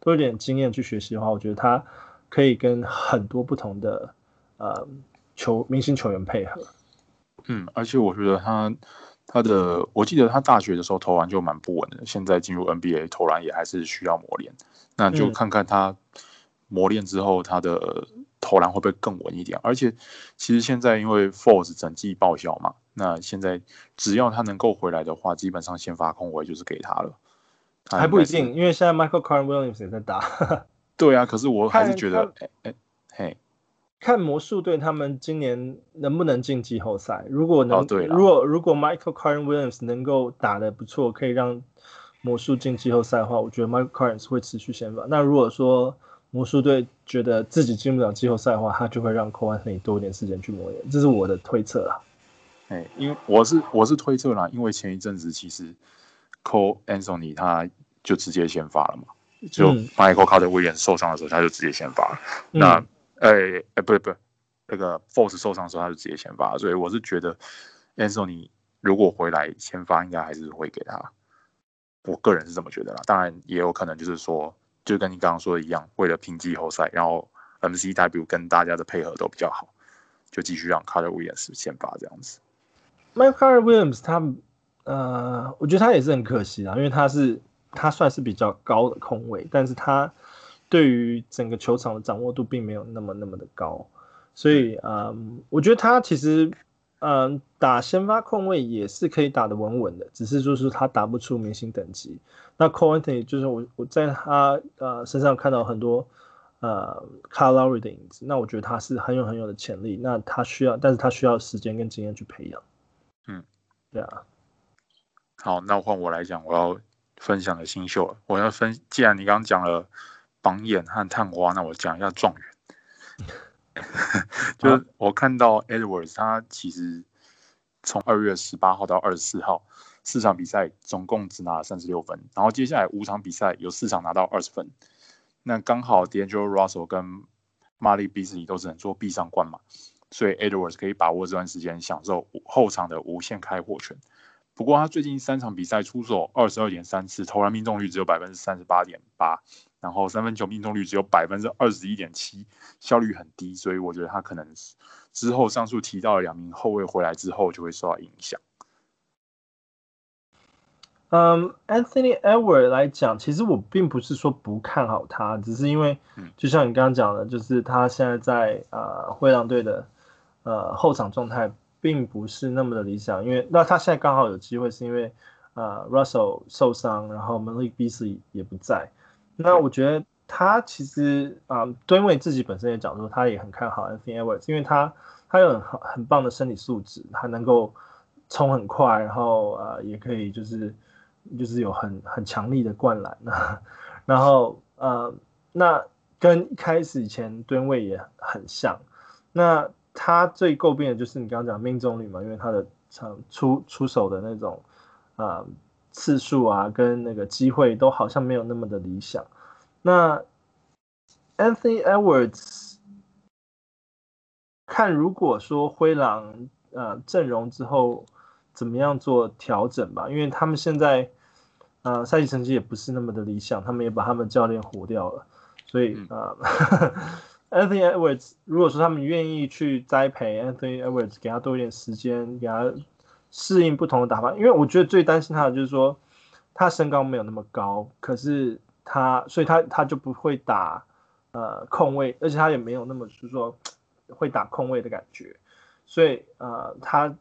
多一點經驗去學習的話，我覺得他可以跟很多不同的呃球明星球員配合。嗯，而且我覺得他他的，我記得他大學的時候投籃就蠻不穩的，現在進入 NBA 投籃也還是需要磨練。那就看看他磨練之後他的投籃會不會更穩一點。嗯，而且，其實現在因為 Fultz 整季報銷嘛。那現在只要他能夠回來的話，基本上先發空位就是給他了，他還不一定，因為現在 Michael Carter-Williams 也在打。對啊，可是我還是覺得，哎嘿，看魔術隊他們今年能不能進季後賽。如果能，哦，如果如果 Michael Carter-Williams 能夠打得不錯，可以讓魔術進季後賽的話，我覺得 Michael Carter-Williams 會持續先發。那如果說魔術隊覺得自己進不了季後賽的話，他就會讓 Cole Anthony 可以多一點時間去磨練。這是我的推測啦。哎，因為我是我是推測啦，因為前一陣子其實，Cole Anthony 他就直接先發了嘛，就 Michael Carter Williams 受傷的時候，他就直接先發、嗯、那，哎、嗯、哎、欸欸，不不，那個 Force 受傷的時候，他就直接先發，所以我是覺得 Anthony 如果回來先發，應該還是會給他。我個人是這麼覺得啦，當然也有可能就是說，就跟你剛剛說的一樣，為了拼季後賽，然後 MCW 跟大家的配合都比較好，就繼續讓 Carter Williams 先發這樣子。Michael Carter-Williams，他呃，我覺得他也是很可惜啊，因為他是他算是比較高的控衛，但是他對於整個球場的掌握度並沒有那麼那麼的高，所以呃，我覺得他其實嗯、呃，打先發控衛也是可以打得穩穩的，只是就是說他打不出明星等級。那 Cole Anthony 就是我我在他呃身上看到很多呃 Kyle Lowry 的影子，那我覺得他是很有很有的潛力，那他需要，但是他需要時間跟經驗去培養。Yeah. 好，那換我來講，我要分享的新秀我要分，既然你剛剛講了榜眼和探花，那我講一下狀元。 <laughs> <laughs> 就是我看到 Edwards，他其實從二月十八號到二十四號四場比賽，總共只拿了三十六分。然後接下來五場比賽有四場拿到二十分，那剛好 D'Angelo Russell 跟 Malik Beasley 都只能做壁上觀嘛。所以 Edwards 可以把握這段時間享受後場的無限開火權，不過他最近三場比賽出手二十二點三次，投籃命中率只有百分之三十八點八，然後三分球命中率只有百分之二十一點七，效率很低。所以我覺得他可能之後上述提到的兩名後衛回來之後就會受到影響。嗯，Anthony Edwards 來講，其實我並不是說不看好他，只是因為就像你剛剛講的，嗯、就是他現在在呃灰狼隊的。呃，後場狀態並不是那麼的理想，因為那他現在剛好有機會，是因為呃，Russell 受傷，然後 Malik Beasley 也不在。那我覺得他其實啊，噸、呃、位自己本身也講說，他也很看好 Anthony Edwards，因為他他有很很棒的身體素質，他能夠衝很快，然後啊、呃、也可以就是就是有很很強力的灌籃，呵呵然後呃，那跟一開始以前噸位也很像，那。他最詬病的就是你剛剛講命中率嘛，因為他的場出出手的那種，呃，次數啊，跟那個機會都好像沒有那麼的理想。那 Anthony Edwards 看如果說灰狼呃陣容之後怎麼樣做調整吧，因為他們現在呃賽季成績也不是那麼的理想，他們也把他們教練換掉了，所以呃。嗯 <laughs> Anthony Edwards，如果說他們願意去栽培 Anthony Edwards，給他多一點時間，給他適應不同的打法，因為我覺得最擔心他的就是說，他身高沒有那麼高，可是他，所以他他就不會打呃控衛，而且他也沒有那麼就是說會打控衛的感覺，所以呃他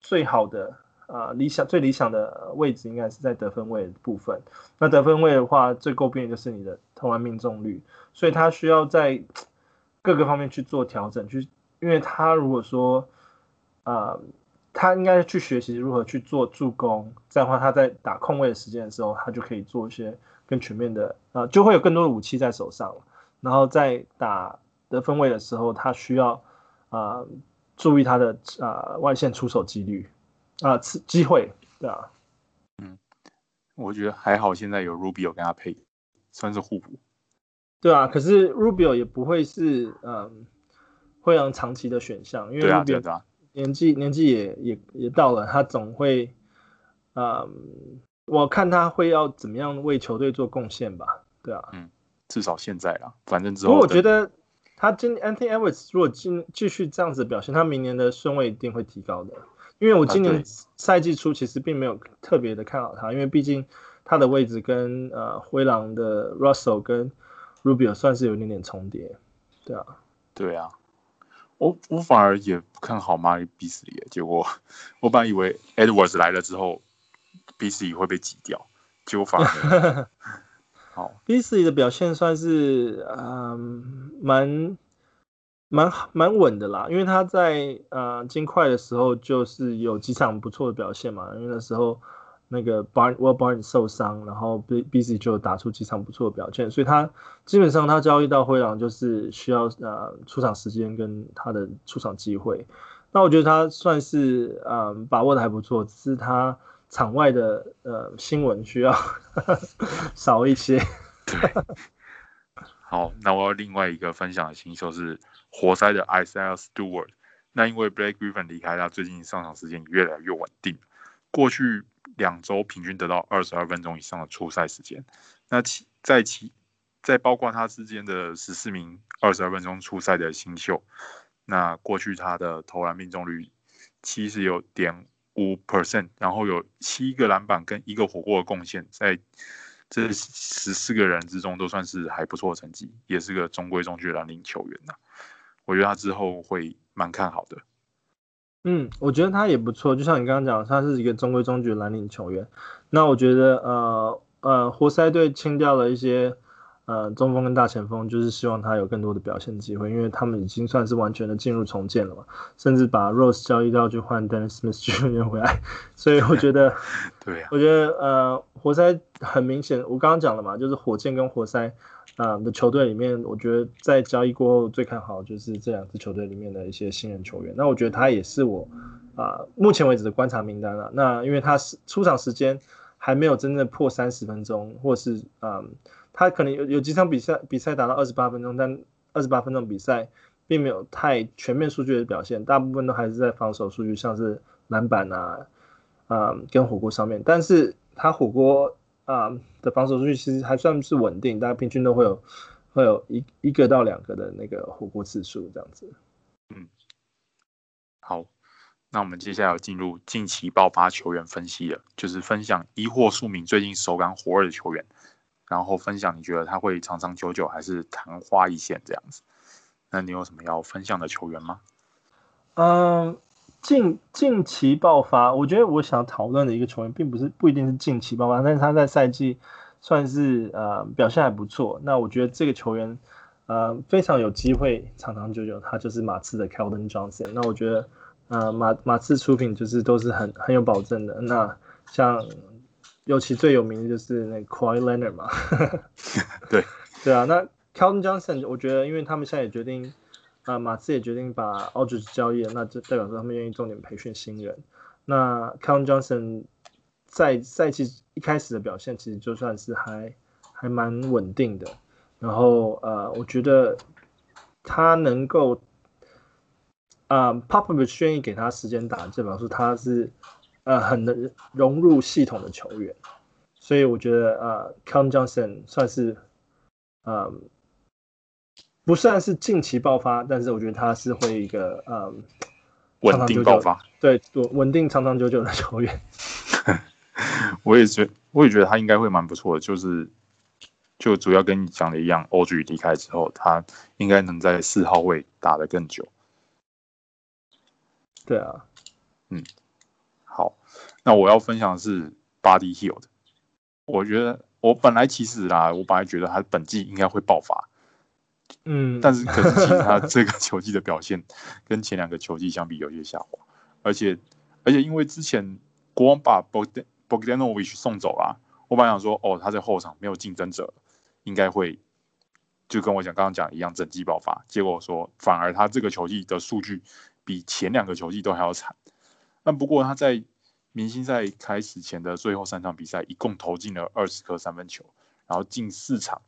最好的呃理想最理想的位置應該是在得分位的部分。那得分位的話，最詬病的就是你的投籃命中率，所以他需要在。各個方面去做調整，去，因為他如果說，啊、呃、他應該去學習如何去做助攻，這樣的話，他在打控衛的時間的時候，他就可以做一些更全面的，啊、呃，就會有更多的武器在手上。然後在打得分位的時候，他需要啊、呃，注意他的啊、呃、外線出手幾率啊次、呃、機會，對吧、啊？嗯，我覺得還好，現在有 Ruby 有跟他配，算是互補。對啊，可是 Rubio 也不會是嗯，灰狼長期的選項，因為 Rubio 年紀、對啊、對啊、年紀也也也到了，他總會，嗯，我看他會要怎麼樣為球隊做貢獻吧，對啊，嗯，至少現在啊，反正之後，不過我覺得他今天 Anthony Edwards 如果繼繼續這樣子表現，他明年的順位一定會提高的，因為我今年賽季初其實並沒有特別的看好他，啊、因為畢竟他的位置跟呃灰狼的 Russell 跟 Ruby 算是有一點點重疊，對啊，對啊，我我反而也不看好馬 a 比斯里，結果我本來以為 Edwards 來了之後比斯裡會被擠掉，結果反而 <laughs> 好。Bisley 的表現算是嗯、呃、蠻蠻蠻,蠻穩的啦，因為他在嗯金塊的時候就是有幾場不錯的表現嘛，因為那時候。那個 Barton, Will Barton 受傷，然後 Beasley 就打出幾場不錯的表現，所以他基本上他交易到灰狼就是需要呃出場時間跟他的出場機會。那我覺得他算是呃把握的還不錯，只是他場外的呃新聞需要呵呵少一些。對， <laughs> 好，那我要另外一個分享的新秀是活塞的 Isaiah Stewart。那因為 Blake Griffin 離開，他最近上場時間越來越穩定，過去。兩周平均得到二十二分鐘以上的出賽時間，那其在其在包括他之間的十四名二十二分鐘出賽的新秀，那過去他的投籃命中率七十有點五 percent，然後有七個籃板跟一個火鍋的貢獻，在這十四個人之中都算是還不錯的成績，也是個中規中矩的藍領球員呢、啊。我覺得他之後會蠻看好的。嗯，我覺得他也不錯，就像你剛剛講，他是一個中規中矩的藍領球員。那我覺得，呃呃，活塞隊清掉了一些呃中鋒跟大前鋒，就是希望他有更多的表現機會，因為他們已經算是完全的進入重建了嘛，甚至把 Rose 交易掉去換 Dennis Smith Jr. 回來。所以我覺得， <laughs> 對呀、啊，我覺得呃，活塞很明顯，我剛剛講了嘛，就是火箭跟活塞。啊、嗯，的球隊裡面，我覺得在交易過後最看好就是這兩支球隊裡面的一些新人球員。那我覺得他也是我啊、呃，目前為止的觀察名單了、啊。那因為他是出場時間還沒有真正破三十分鐘，或是啊、嗯，他可能有有幾場比賽比賽達到二十八分鐘，但二十八分鐘比賽並沒有太全面數據的表現，大部分都還是在防守數據，像是籃板啊，啊、嗯、跟火鍋上面。但是他火鍋。啊、嗯、的防守數據其實還算是穩定，大家平均都會有會有一一個到兩個的那個火鍋次數這樣子。嗯，好，那我們接下來要進入近期爆發球員分析了，就是分享一或數名最近手感火熱的球員，然後分享你覺得他會長長久久還是曇花一現這樣子？那你有什麼要分享的球員嗎？嗯。近，近期爆發，我覺得我想討論的一個球員，並不是，不一定是近期爆發，但是他在賽季算是呃表現還不錯。那我覺得這個球員呃非常有機會長長久久，他就是馬刺的 Keldon Johnson。那我覺得呃馬馬刺出品就是都是很很有保證的。那像尤其最有名的就是那 Kawhi Leonard 嘛，呵呵 <laughs> 對對啊，那 Keldon Johnson，我覺得因為他們現在也決定。啊、呃，馬刺也決定把 Aldridge 交易了，那就代表說他們願意重點培訓新人。那、Keldon Johnson 在賽季一開始的表現，其實就算是還還蠻穩定的。然後呃，我覺得他能夠啊，Popovich 願意給他時間打，就表示他是呃很能融入系統的球員。所以我覺得啊，Keldon Johnson 算是嗯。呃不算是近期爆發，但是我覺得他是會一個呃，穩、嗯、定爆發，對，穩定長長久久的球員。 <laughs> 我也覺，我也覺得他應該會蠻不錯的，就是就主要跟你講的一樣，OG 離開之後，他應該能在四號位打得更久。對啊，嗯，好，那我要分享的是巴迪希爾德。我覺得我本來其實啦，我本來覺得他本季應該會爆發。嗯，但是可是其實他這個球季的表現 <laughs> 跟前兩個球季相比有些下滑，而且而且因為之前國王把博博格丹諾維奇送走了，啊，我本來想說，哦，他在後場沒有競爭者，應該會就跟我講剛剛講一樣整季爆發，結果說反而他這個球季的數據比前兩個球季都還要慘。那不過他在明星賽開始前的最後三場比賽，一共投進了二十顆三分球，然後進四場，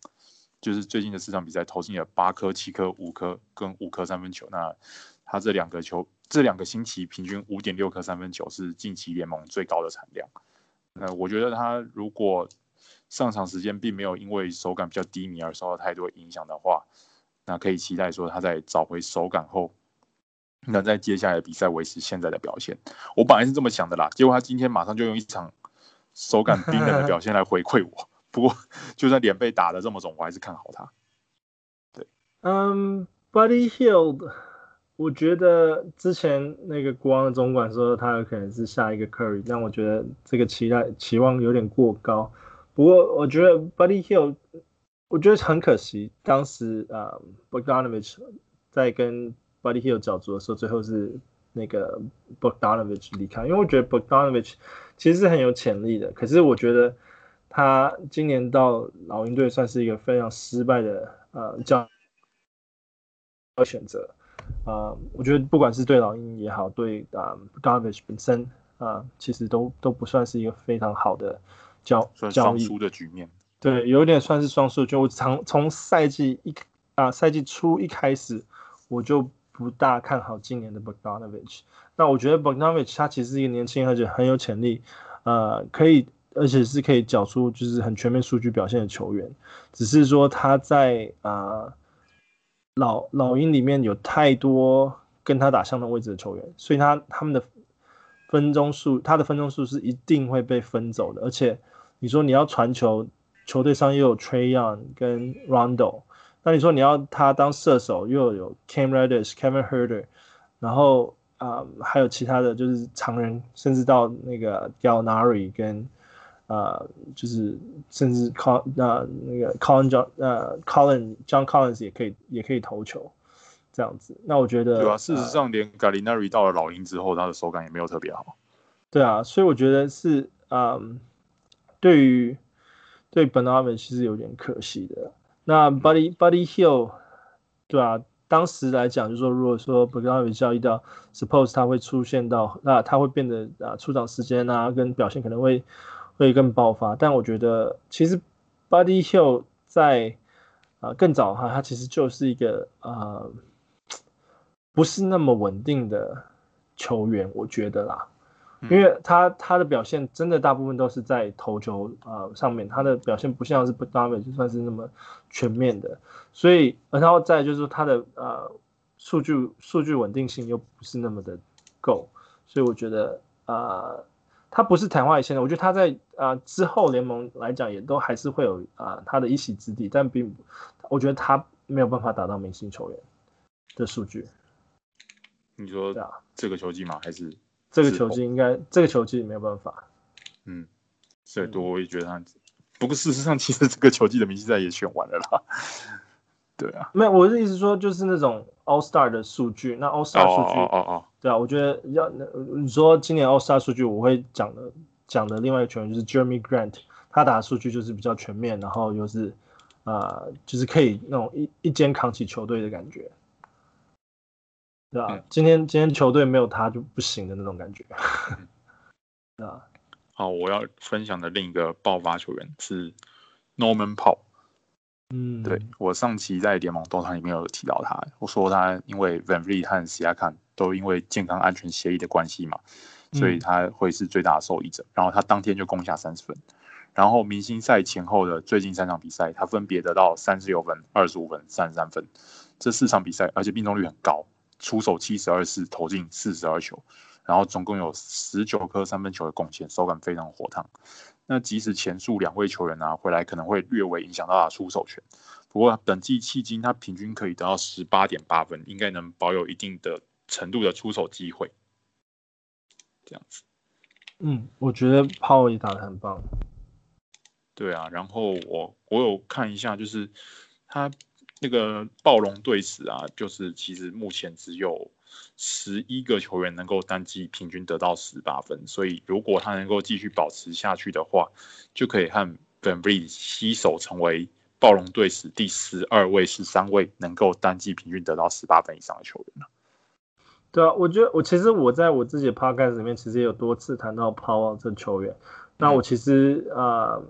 就是最近的四場比賽，投進了八顆、七顆、五顆跟五顆三分球。那他這兩個球，這兩個星期平均五點六顆三分球是近期聯盟最高的產量。那我覺得他如果上場時間並沒有因為手感比較低迷而受到太多影響的話，那可以期待說他在找回手感後，那在接下來的比賽維持現在的表現。我本來是這麼想的啦，結果他今天馬上就用一場手感冰冷的表現來回饋我。 <laughs> 不過，就算臉被打得這麼腫，我還是看好他。對，嗯、um,，Buddy Hield，我覺得之前那個國王的總管說他有可能是下一個 Curry，但我覺得這個期待期望有點過高。不過，我覺得 Buddy Hield，我覺得很可惜。當時啊、uh,，Bogdanovich 在跟 Buddy Hield 角逐的時候，最後是那個 Bogdanovich 離開，因為我覺得 Bogdanovich 其實是很有潛力的，可是我覺得。他今年到老鷹隊算是一個非常失敗的呃交、教的選擇，啊、呃，我覺得不管是對老鷹也好，對啊呃、Bogdanovich 本身啊、呃，其實都都不算是一個非常好的交交易的局面。對，有一點算是雙輸的。就我常從賽季一啊、呃、賽季初一開始，我就不大看好今年的 Bogdanovich。那我覺得 Bogdanovich 他其實是一個年輕而且很有潛力，呃，可以。而且是可以講出就是很全面數據表現的球員，只是說他在啊、呃、老老鷹裡面有太多跟他打相同位置的球員，所以他他們的分鐘數，他的分鐘數是一定會被分走的。而且你說你要傳球，球隊上又有 Trae Young 跟 Rondo，那你說你要他當射手，又有，有 Cam Reddish、Kevin Herder，然後啊、呃、還有其他的就是常人，甚至到那個 Gallinari 跟，啊、呃，就是甚至 Col 那、呃、那個 Colin John、呃、那 Colin John Collins 也可以也可以投球，這樣子。那我覺得對啊、呃，事實上連 Gallinari 到了老鷹之後，他的手感也沒有特別好。對啊，所以我覺得是嗯、呃，對於對 Benavidez 其實有點可惜的。那 Buddy Buddy Hill，對啊，當時來講，就是說如果說 Benavidez 交易到 suppose 他會出現到那他會變得啊、呃、出場時間啊跟表現可能會。會更爆發，但我覺得其實 Buddy Hield 在啊、呃、更早哈，他其實就是一個呃不是那麼穩定的球員，我覺得啦，因為他他的表現真的大部分都是在投球啊、呃、上面，他的表現不像是不 u 的就算是那麼全面的，所以然後再就是說他的呃數據數據穩定性又不是那麼的夠，所以我覺得啊。呃他不是曇花一現的，我覺得他在啊、呃、之後聯盟來講，也都還是會有啊、呃、他的一席之地，但並不我覺得他沒有辦法達到明星球員的數據。你說這個球季嗎？是啊、還是這個球季應該？應該這個球季沒有辦法？嗯，最多我也覺得他、嗯，不過事實上其實這個球季的明星賽也選完了啦。對啊，沒有，我的意思說就是那種 All Star 的數據。那 All Star 數據，哦哦哦，哦，哦，哦，對啊，我覺得要你說今年的 All Star 數據，我會講的講的另外一個球員就是 Jeremy Grant，他打的數據就是比較全面，然後又、就是啊、呃，就是可以那種一,一肩扛起球隊的感覺，對吧、啊嗯？今天今天球隊沒有他就不行的那種感覺， <laughs> 對吧、啊？好，我要分享的另一個爆發球員是 Norman Powell 嗯，對我上期在聯盟動態裡面有提到他，我說他因為 VanVleet 和 Siakam 都因為健康安全協議的關係嘛，所以他會是最大的受益者。然後他當天就攻下三十分，然後明星賽前後的最近三場比賽，他分別得到三十六分、二十五分、三十三分。這四場比賽，而且命中率很高，出手七十二次，投進四十二球，然後總共有十九顆三分球的貢獻，手感非常火燙。那即使前述兩位球員啊回來，可能會略微影響到他出手權。不過，本季迄今他平均可以得到十八點八分，應該能保有一定的程度的出手機會。這樣子。嗯，我覺得 Powell 打得很棒。對啊，然後我我有看一下，就是他那個暴龍隊史啊，就是其實目前只有。十一個球員能夠單季平均得到十八分，所以如果他能夠繼續保持下去的話，就可以和范弗里特攜手成為暴龍隊史第十二位、十三位能夠單季平均得到十八分以上的球員了。對啊，我覺得我其實我在我自己的 podcast 裡面，其實也有多次談到 Powell 這球員。那我其實啊、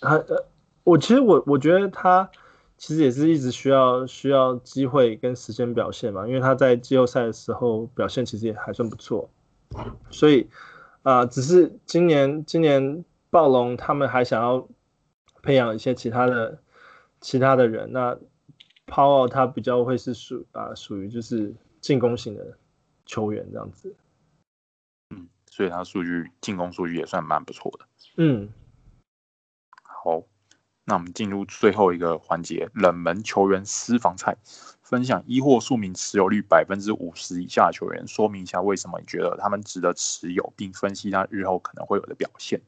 呃呃，我其實我我覺得他。其實也是一直需要需要機會跟時間表現嘛，因為他在季後賽的時候表現其實也還算不錯，所以啊、呃，只是今年今年暴龍他們還想要培養一些其他的其他的人，那 Powell 他比較會是屬啊、呃、屬於就是進攻型的球員這樣子，嗯，所以他數據進攻數據也算蠻不錯的，嗯，好。那我們進入最後一個環節，冷門球員私房菜，分享一或數名持有率百分之五十以下的球員，說明一下為什麼你覺得他們值得持有，並分析他日後可能會有的表現。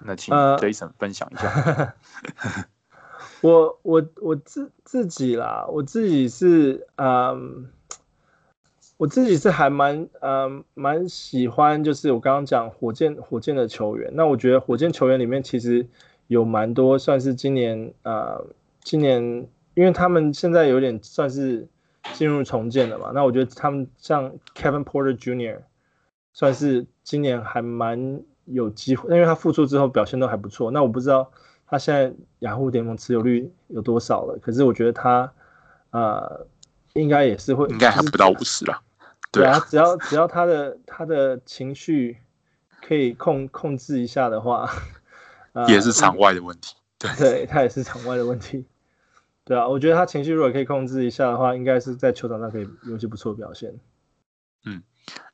那請 Jason 分享一下。呃、 <laughs> 我我我自自己啦，我自己是嗯，我自己是還蠻嗯蠻喜歡，就是我剛剛講火箭火箭的球員。那我覺得火箭球員裡面其實有蠻多算是今年啊、呃，今年因為他們現在有點算是進入重建了嘛，那我覺得他們像 Kevin Porter Jr. 算是今年還蠻有機會，因為他復出之後表現都還不錯。那我不知道他現在雅虎聯盟持有率有多少了，可是我覺得他啊、呃、應該也是會，應該還不到五十了，對啊，只要只要他的他的情緒可以控控制一下的話。也是場外的問題、嗯對，對，他也是場外的問題， <laughs> 對啊，我覺得他情緒如果可以控制一下的話，應該是在球場上可以有些不錯表現。嗯，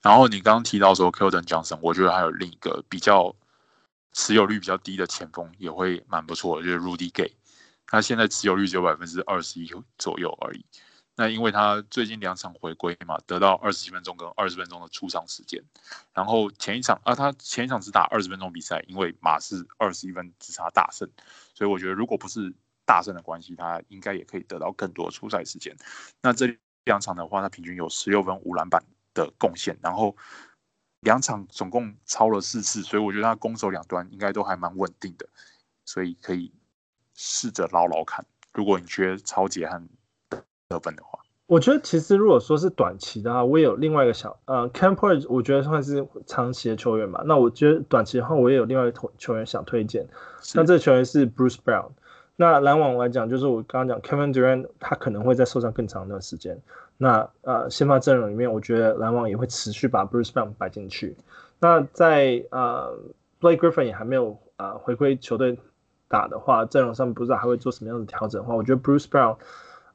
然後你剛剛提到說 Keldon Johnson，我覺得還有另一個比較持有率比較低的前鋒也會蠻不錯的，就是 Rudy Gay，他現在持有率只有百分之二十一左右而已。那因為他最近兩場回歸嘛，得到二十七分鐘跟二十分鐘的出場時間，然後前一場啊，他前一場只打二十分鐘比賽，因為馬刺二十一分只差大勝，所以我覺得如果不是大勝的關係，他應該也可以得到更多出賽時間。那這兩場的話，他平均有十六分五籃板的貢獻，然後兩場總共抄了四次，所以我覺得他攻守兩端應該都還蠻穩定的，所以可以試着撈撈看。如果你覺得超級狠。我覺得其實如果說是短期的話，我也有另外一個小呃 Cam Payne 我覺得算是長期的球員吧。那我覺得短期的話，我也有另外一個球員想推薦。那這個球員是 Bruce Brown。那籃網來講，就是我剛剛講 Kevin Durant，他可能會再受傷更長一段時間。那呃，先發陣容裡面，我覺得籃網也會持續把 Bruce Brown 擺進去。那在呃，Blake Griffin 也還沒有呃回歸球隊打的話，陣容上不知道還會做什麼樣的調整的話，我覺得 Bruce Brown。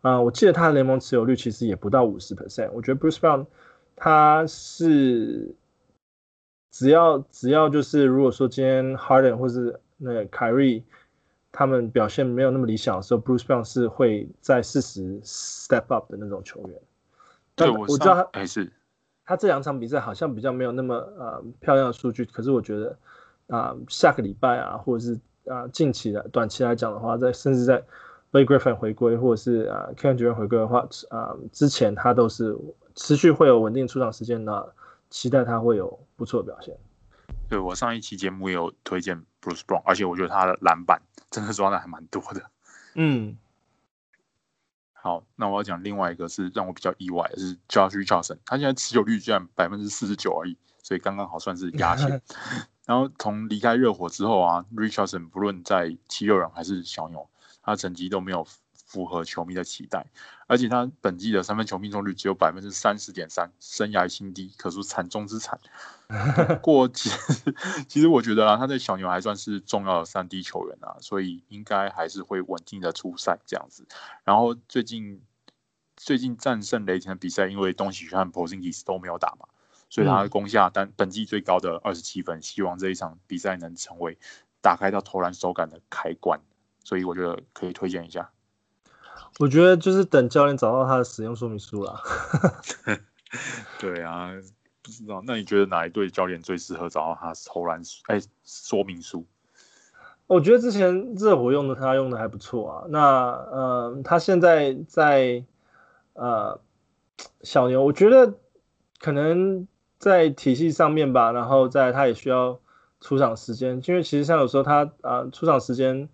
啊、呃，我記得他的聯盟持有率其實也不到五十 percent。我覺得 Bruce Brown 他是只要只要就是，如果說今天 Harden 或是那個 Kyrie 他們表現沒有那麼理想的時候，Bruce Brown 是會在適時 step up 的那種球員。對，我知道他，哎，還是他這兩場比賽好像比較沒有那麼呃漂亮的數據，可是我覺得啊、呃，下個禮拜啊，或者是啊、呃、近期的短期來講的話，在甚至在。Griffin 回歸，或者是啊 Kendall 回歸的話，啊、呃，之前他都是持續會有穩定出場時間的，期待他會有不錯的表現。對，我上一期節目也有推薦 Bruce Brown，而且我覺得他的籃板真的抓的還蠻多的。嗯，好，那我要講另外一個是讓我比較意外的是 Josh Richardson，他現在持有率居然百分之四十九而已，所以剛剛好算是壓線。 <laughs> 然後從離開熱火之後啊，Richardson 不論在七六人還是小牛。他成績都沒有符合球迷的期待，而且他本季的三分球命中率只有百分之三十點三，生涯新低，可是慘中之慘。 <laughs> 過，其實我覺得啊，他這小牛還算是重要的三 D 球員啊，所以應該還是會穩定的出賽這樣子。然後最近最近戰勝雷霆的比賽，因為東西區和波 o r 都沒有打嘛，所以他的攻下單本季最高的二十七分，希望這一場比賽能成為打開到投籃手感的開關。所以我覺得可以推薦一下。我覺得就是等教練找到他的使用說明書了。 <laughs> <laughs> 對啊，不知道，啊、那你覺得哪一隊教練最適合找到他投籃哎，說明書？我覺得之前熱火用的他用的還不錯啊。那呃，他現在在呃小牛，我覺得可能在體系上面吧，然後在他也需要出場時間，因為其實像有時候他啊、呃、出場時間。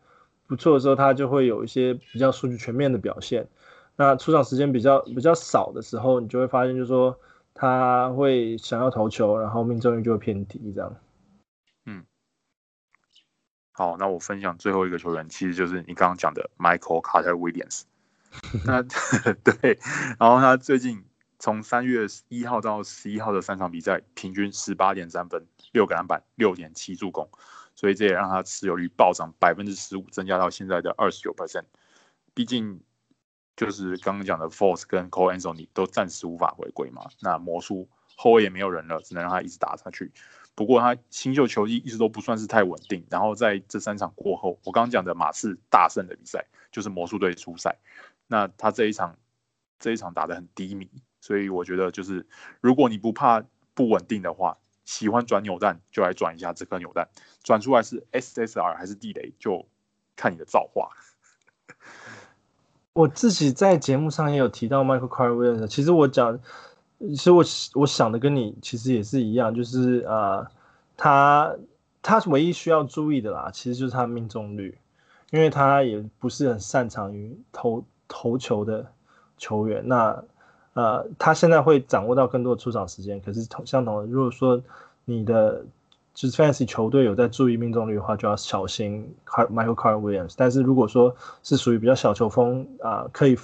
不錯的時候，他就會有一些比較數據全面的表現。那出場時間比較比較少的時候，你就會發現，就是說他會想要投球，然後命中率就會偏低這樣。嗯，好，那我分享最後一個球員，其實就是你剛剛講的 Michael Carter Williams。 <laughs> 那對，然後他最近從三月一號到十一號的三場比賽，平均十八點三分，六個籃板，六點七助攻。所以這也讓他持有率暴漲百分之十五，增加到現在的二十九 percent。畢竟就是剛剛講的 Force 跟 Cole Anthony 都暫時無法回歸嘛。那魔術後衛也沒有人了，只能讓他一直打下去。不過他新秀球，球技一直都不算是太穩定。然後在這三場過後，我剛，剛講的馬刺大勝的比賽就是魔術隊出賽。那他這一場這一場打得很低迷，所以我覺得就是如果你不怕不穩定的話。喜歡轉扭蛋就來轉一下這顆扭蛋，轉出來是 SSR 還是地雷就看你的造化。我自己在節目上也有提到 Michael Carter-Williams，其實我講，其實我我想的跟你其實也是一樣，就是啊、呃，他他是唯一需要注意的啦，其實就是他的命中率，因為他也不是很擅長於投投球的球員那，呃，他現在會掌握到更多的出場時間，可是同相同的，如果說你的就是 Fantasy 球隊有在注意命中率的話，就要小心 Car, Michael Carter Williams，但是，如果說是屬於比較小球風啊、呃，可以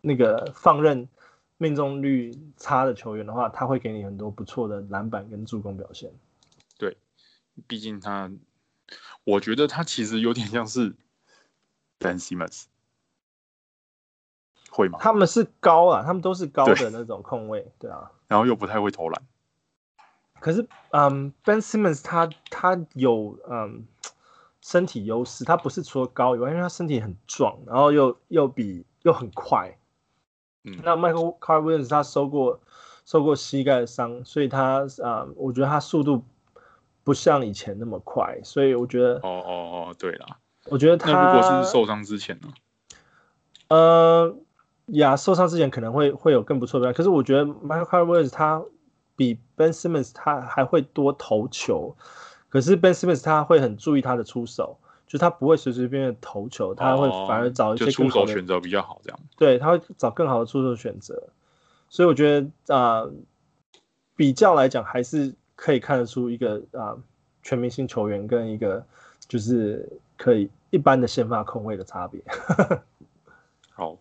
那個放任命中率差的球員的話，他會給你很多不錯的籃板跟助攻表現。對，畢竟他，我覺得他其實有點像是 Ben Simmons 會嗎？他們是高啊，他們都是高的那種控衛，對，對啊，然後又不太會投籃。可是，嗯，Ben Simmons 他他有嗯身體優勢，他不是除了高以外，因為他身體很壯，然後又又比又很快。嗯，那 Michael Carter-Williams 他受過受過膝蓋傷，所以他啊、嗯，我覺得他速度不像以前那麼快，所以我覺得哦哦哦，對了，我覺得他如果是，不是受傷之前呢？嗯、呃。呀、yeah，受傷之前可能會會有更不錯的，可是我覺得 Michael Carter-Williams 他比 Ben Simmons 他還會多投球，可是 Ben Simmons 他會很注意他的出手，就是，他不會隨隨便便便投球，他會反而找一些出手選擇比較好這樣。對，他會找更好的出手選擇，所以我覺得啊、呃，比較來講還是可以看得出一個啊、呃、全明星球員跟一個就是可以一般的先發控衛的差別。好、 <laughs> oh。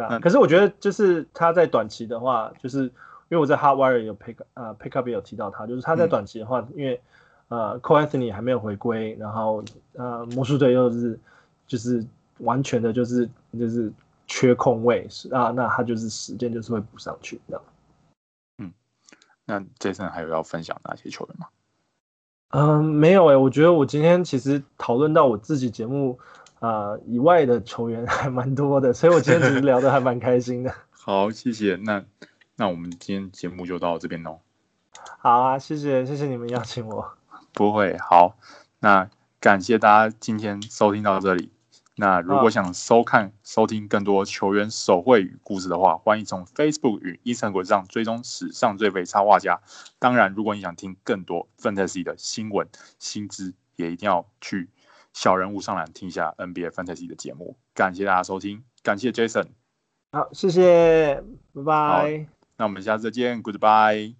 啊，可是我覺得就是他在短期的話，就是因為我在 Hardwire 有 pick 啊、呃、pick up 也有提到他，就是他在短期的話，嗯、因為呃 Cole Anthony 還沒有回歸，然後呃魔術隊又、就是就是完全的就是就是缺控衛啊，那他就是時間就是會補上去的。嗯，那 Jason 還有要分享哪些球員嗎？嗯，沒有哎、欸，我覺得我今天其實討論到我自己節目。啊、呃，以外的球員還蠻多的，所以我今天其實聊得還蠻開心的。 <laughs> 好，謝謝。那那我們今天節目就到這邊嘍。好啊，謝謝謝謝你們邀請我。不會，好，那感謝大家今天收聽到這裡。那如果想收看、啊、收聽更多球員手繪與故事的話，歡迎從 Facebook 與 Instagram 上追蹤史上最廢插畫家。當然，如果你想聽更多 Fantasy 的新聞新知，也一定要去。小人物上籃聽一下 NBA Fantasy 的節目，感謝大家收聽，感謝 Jason，好，謝謝，拜拜，那我們下次再見，Goodbye。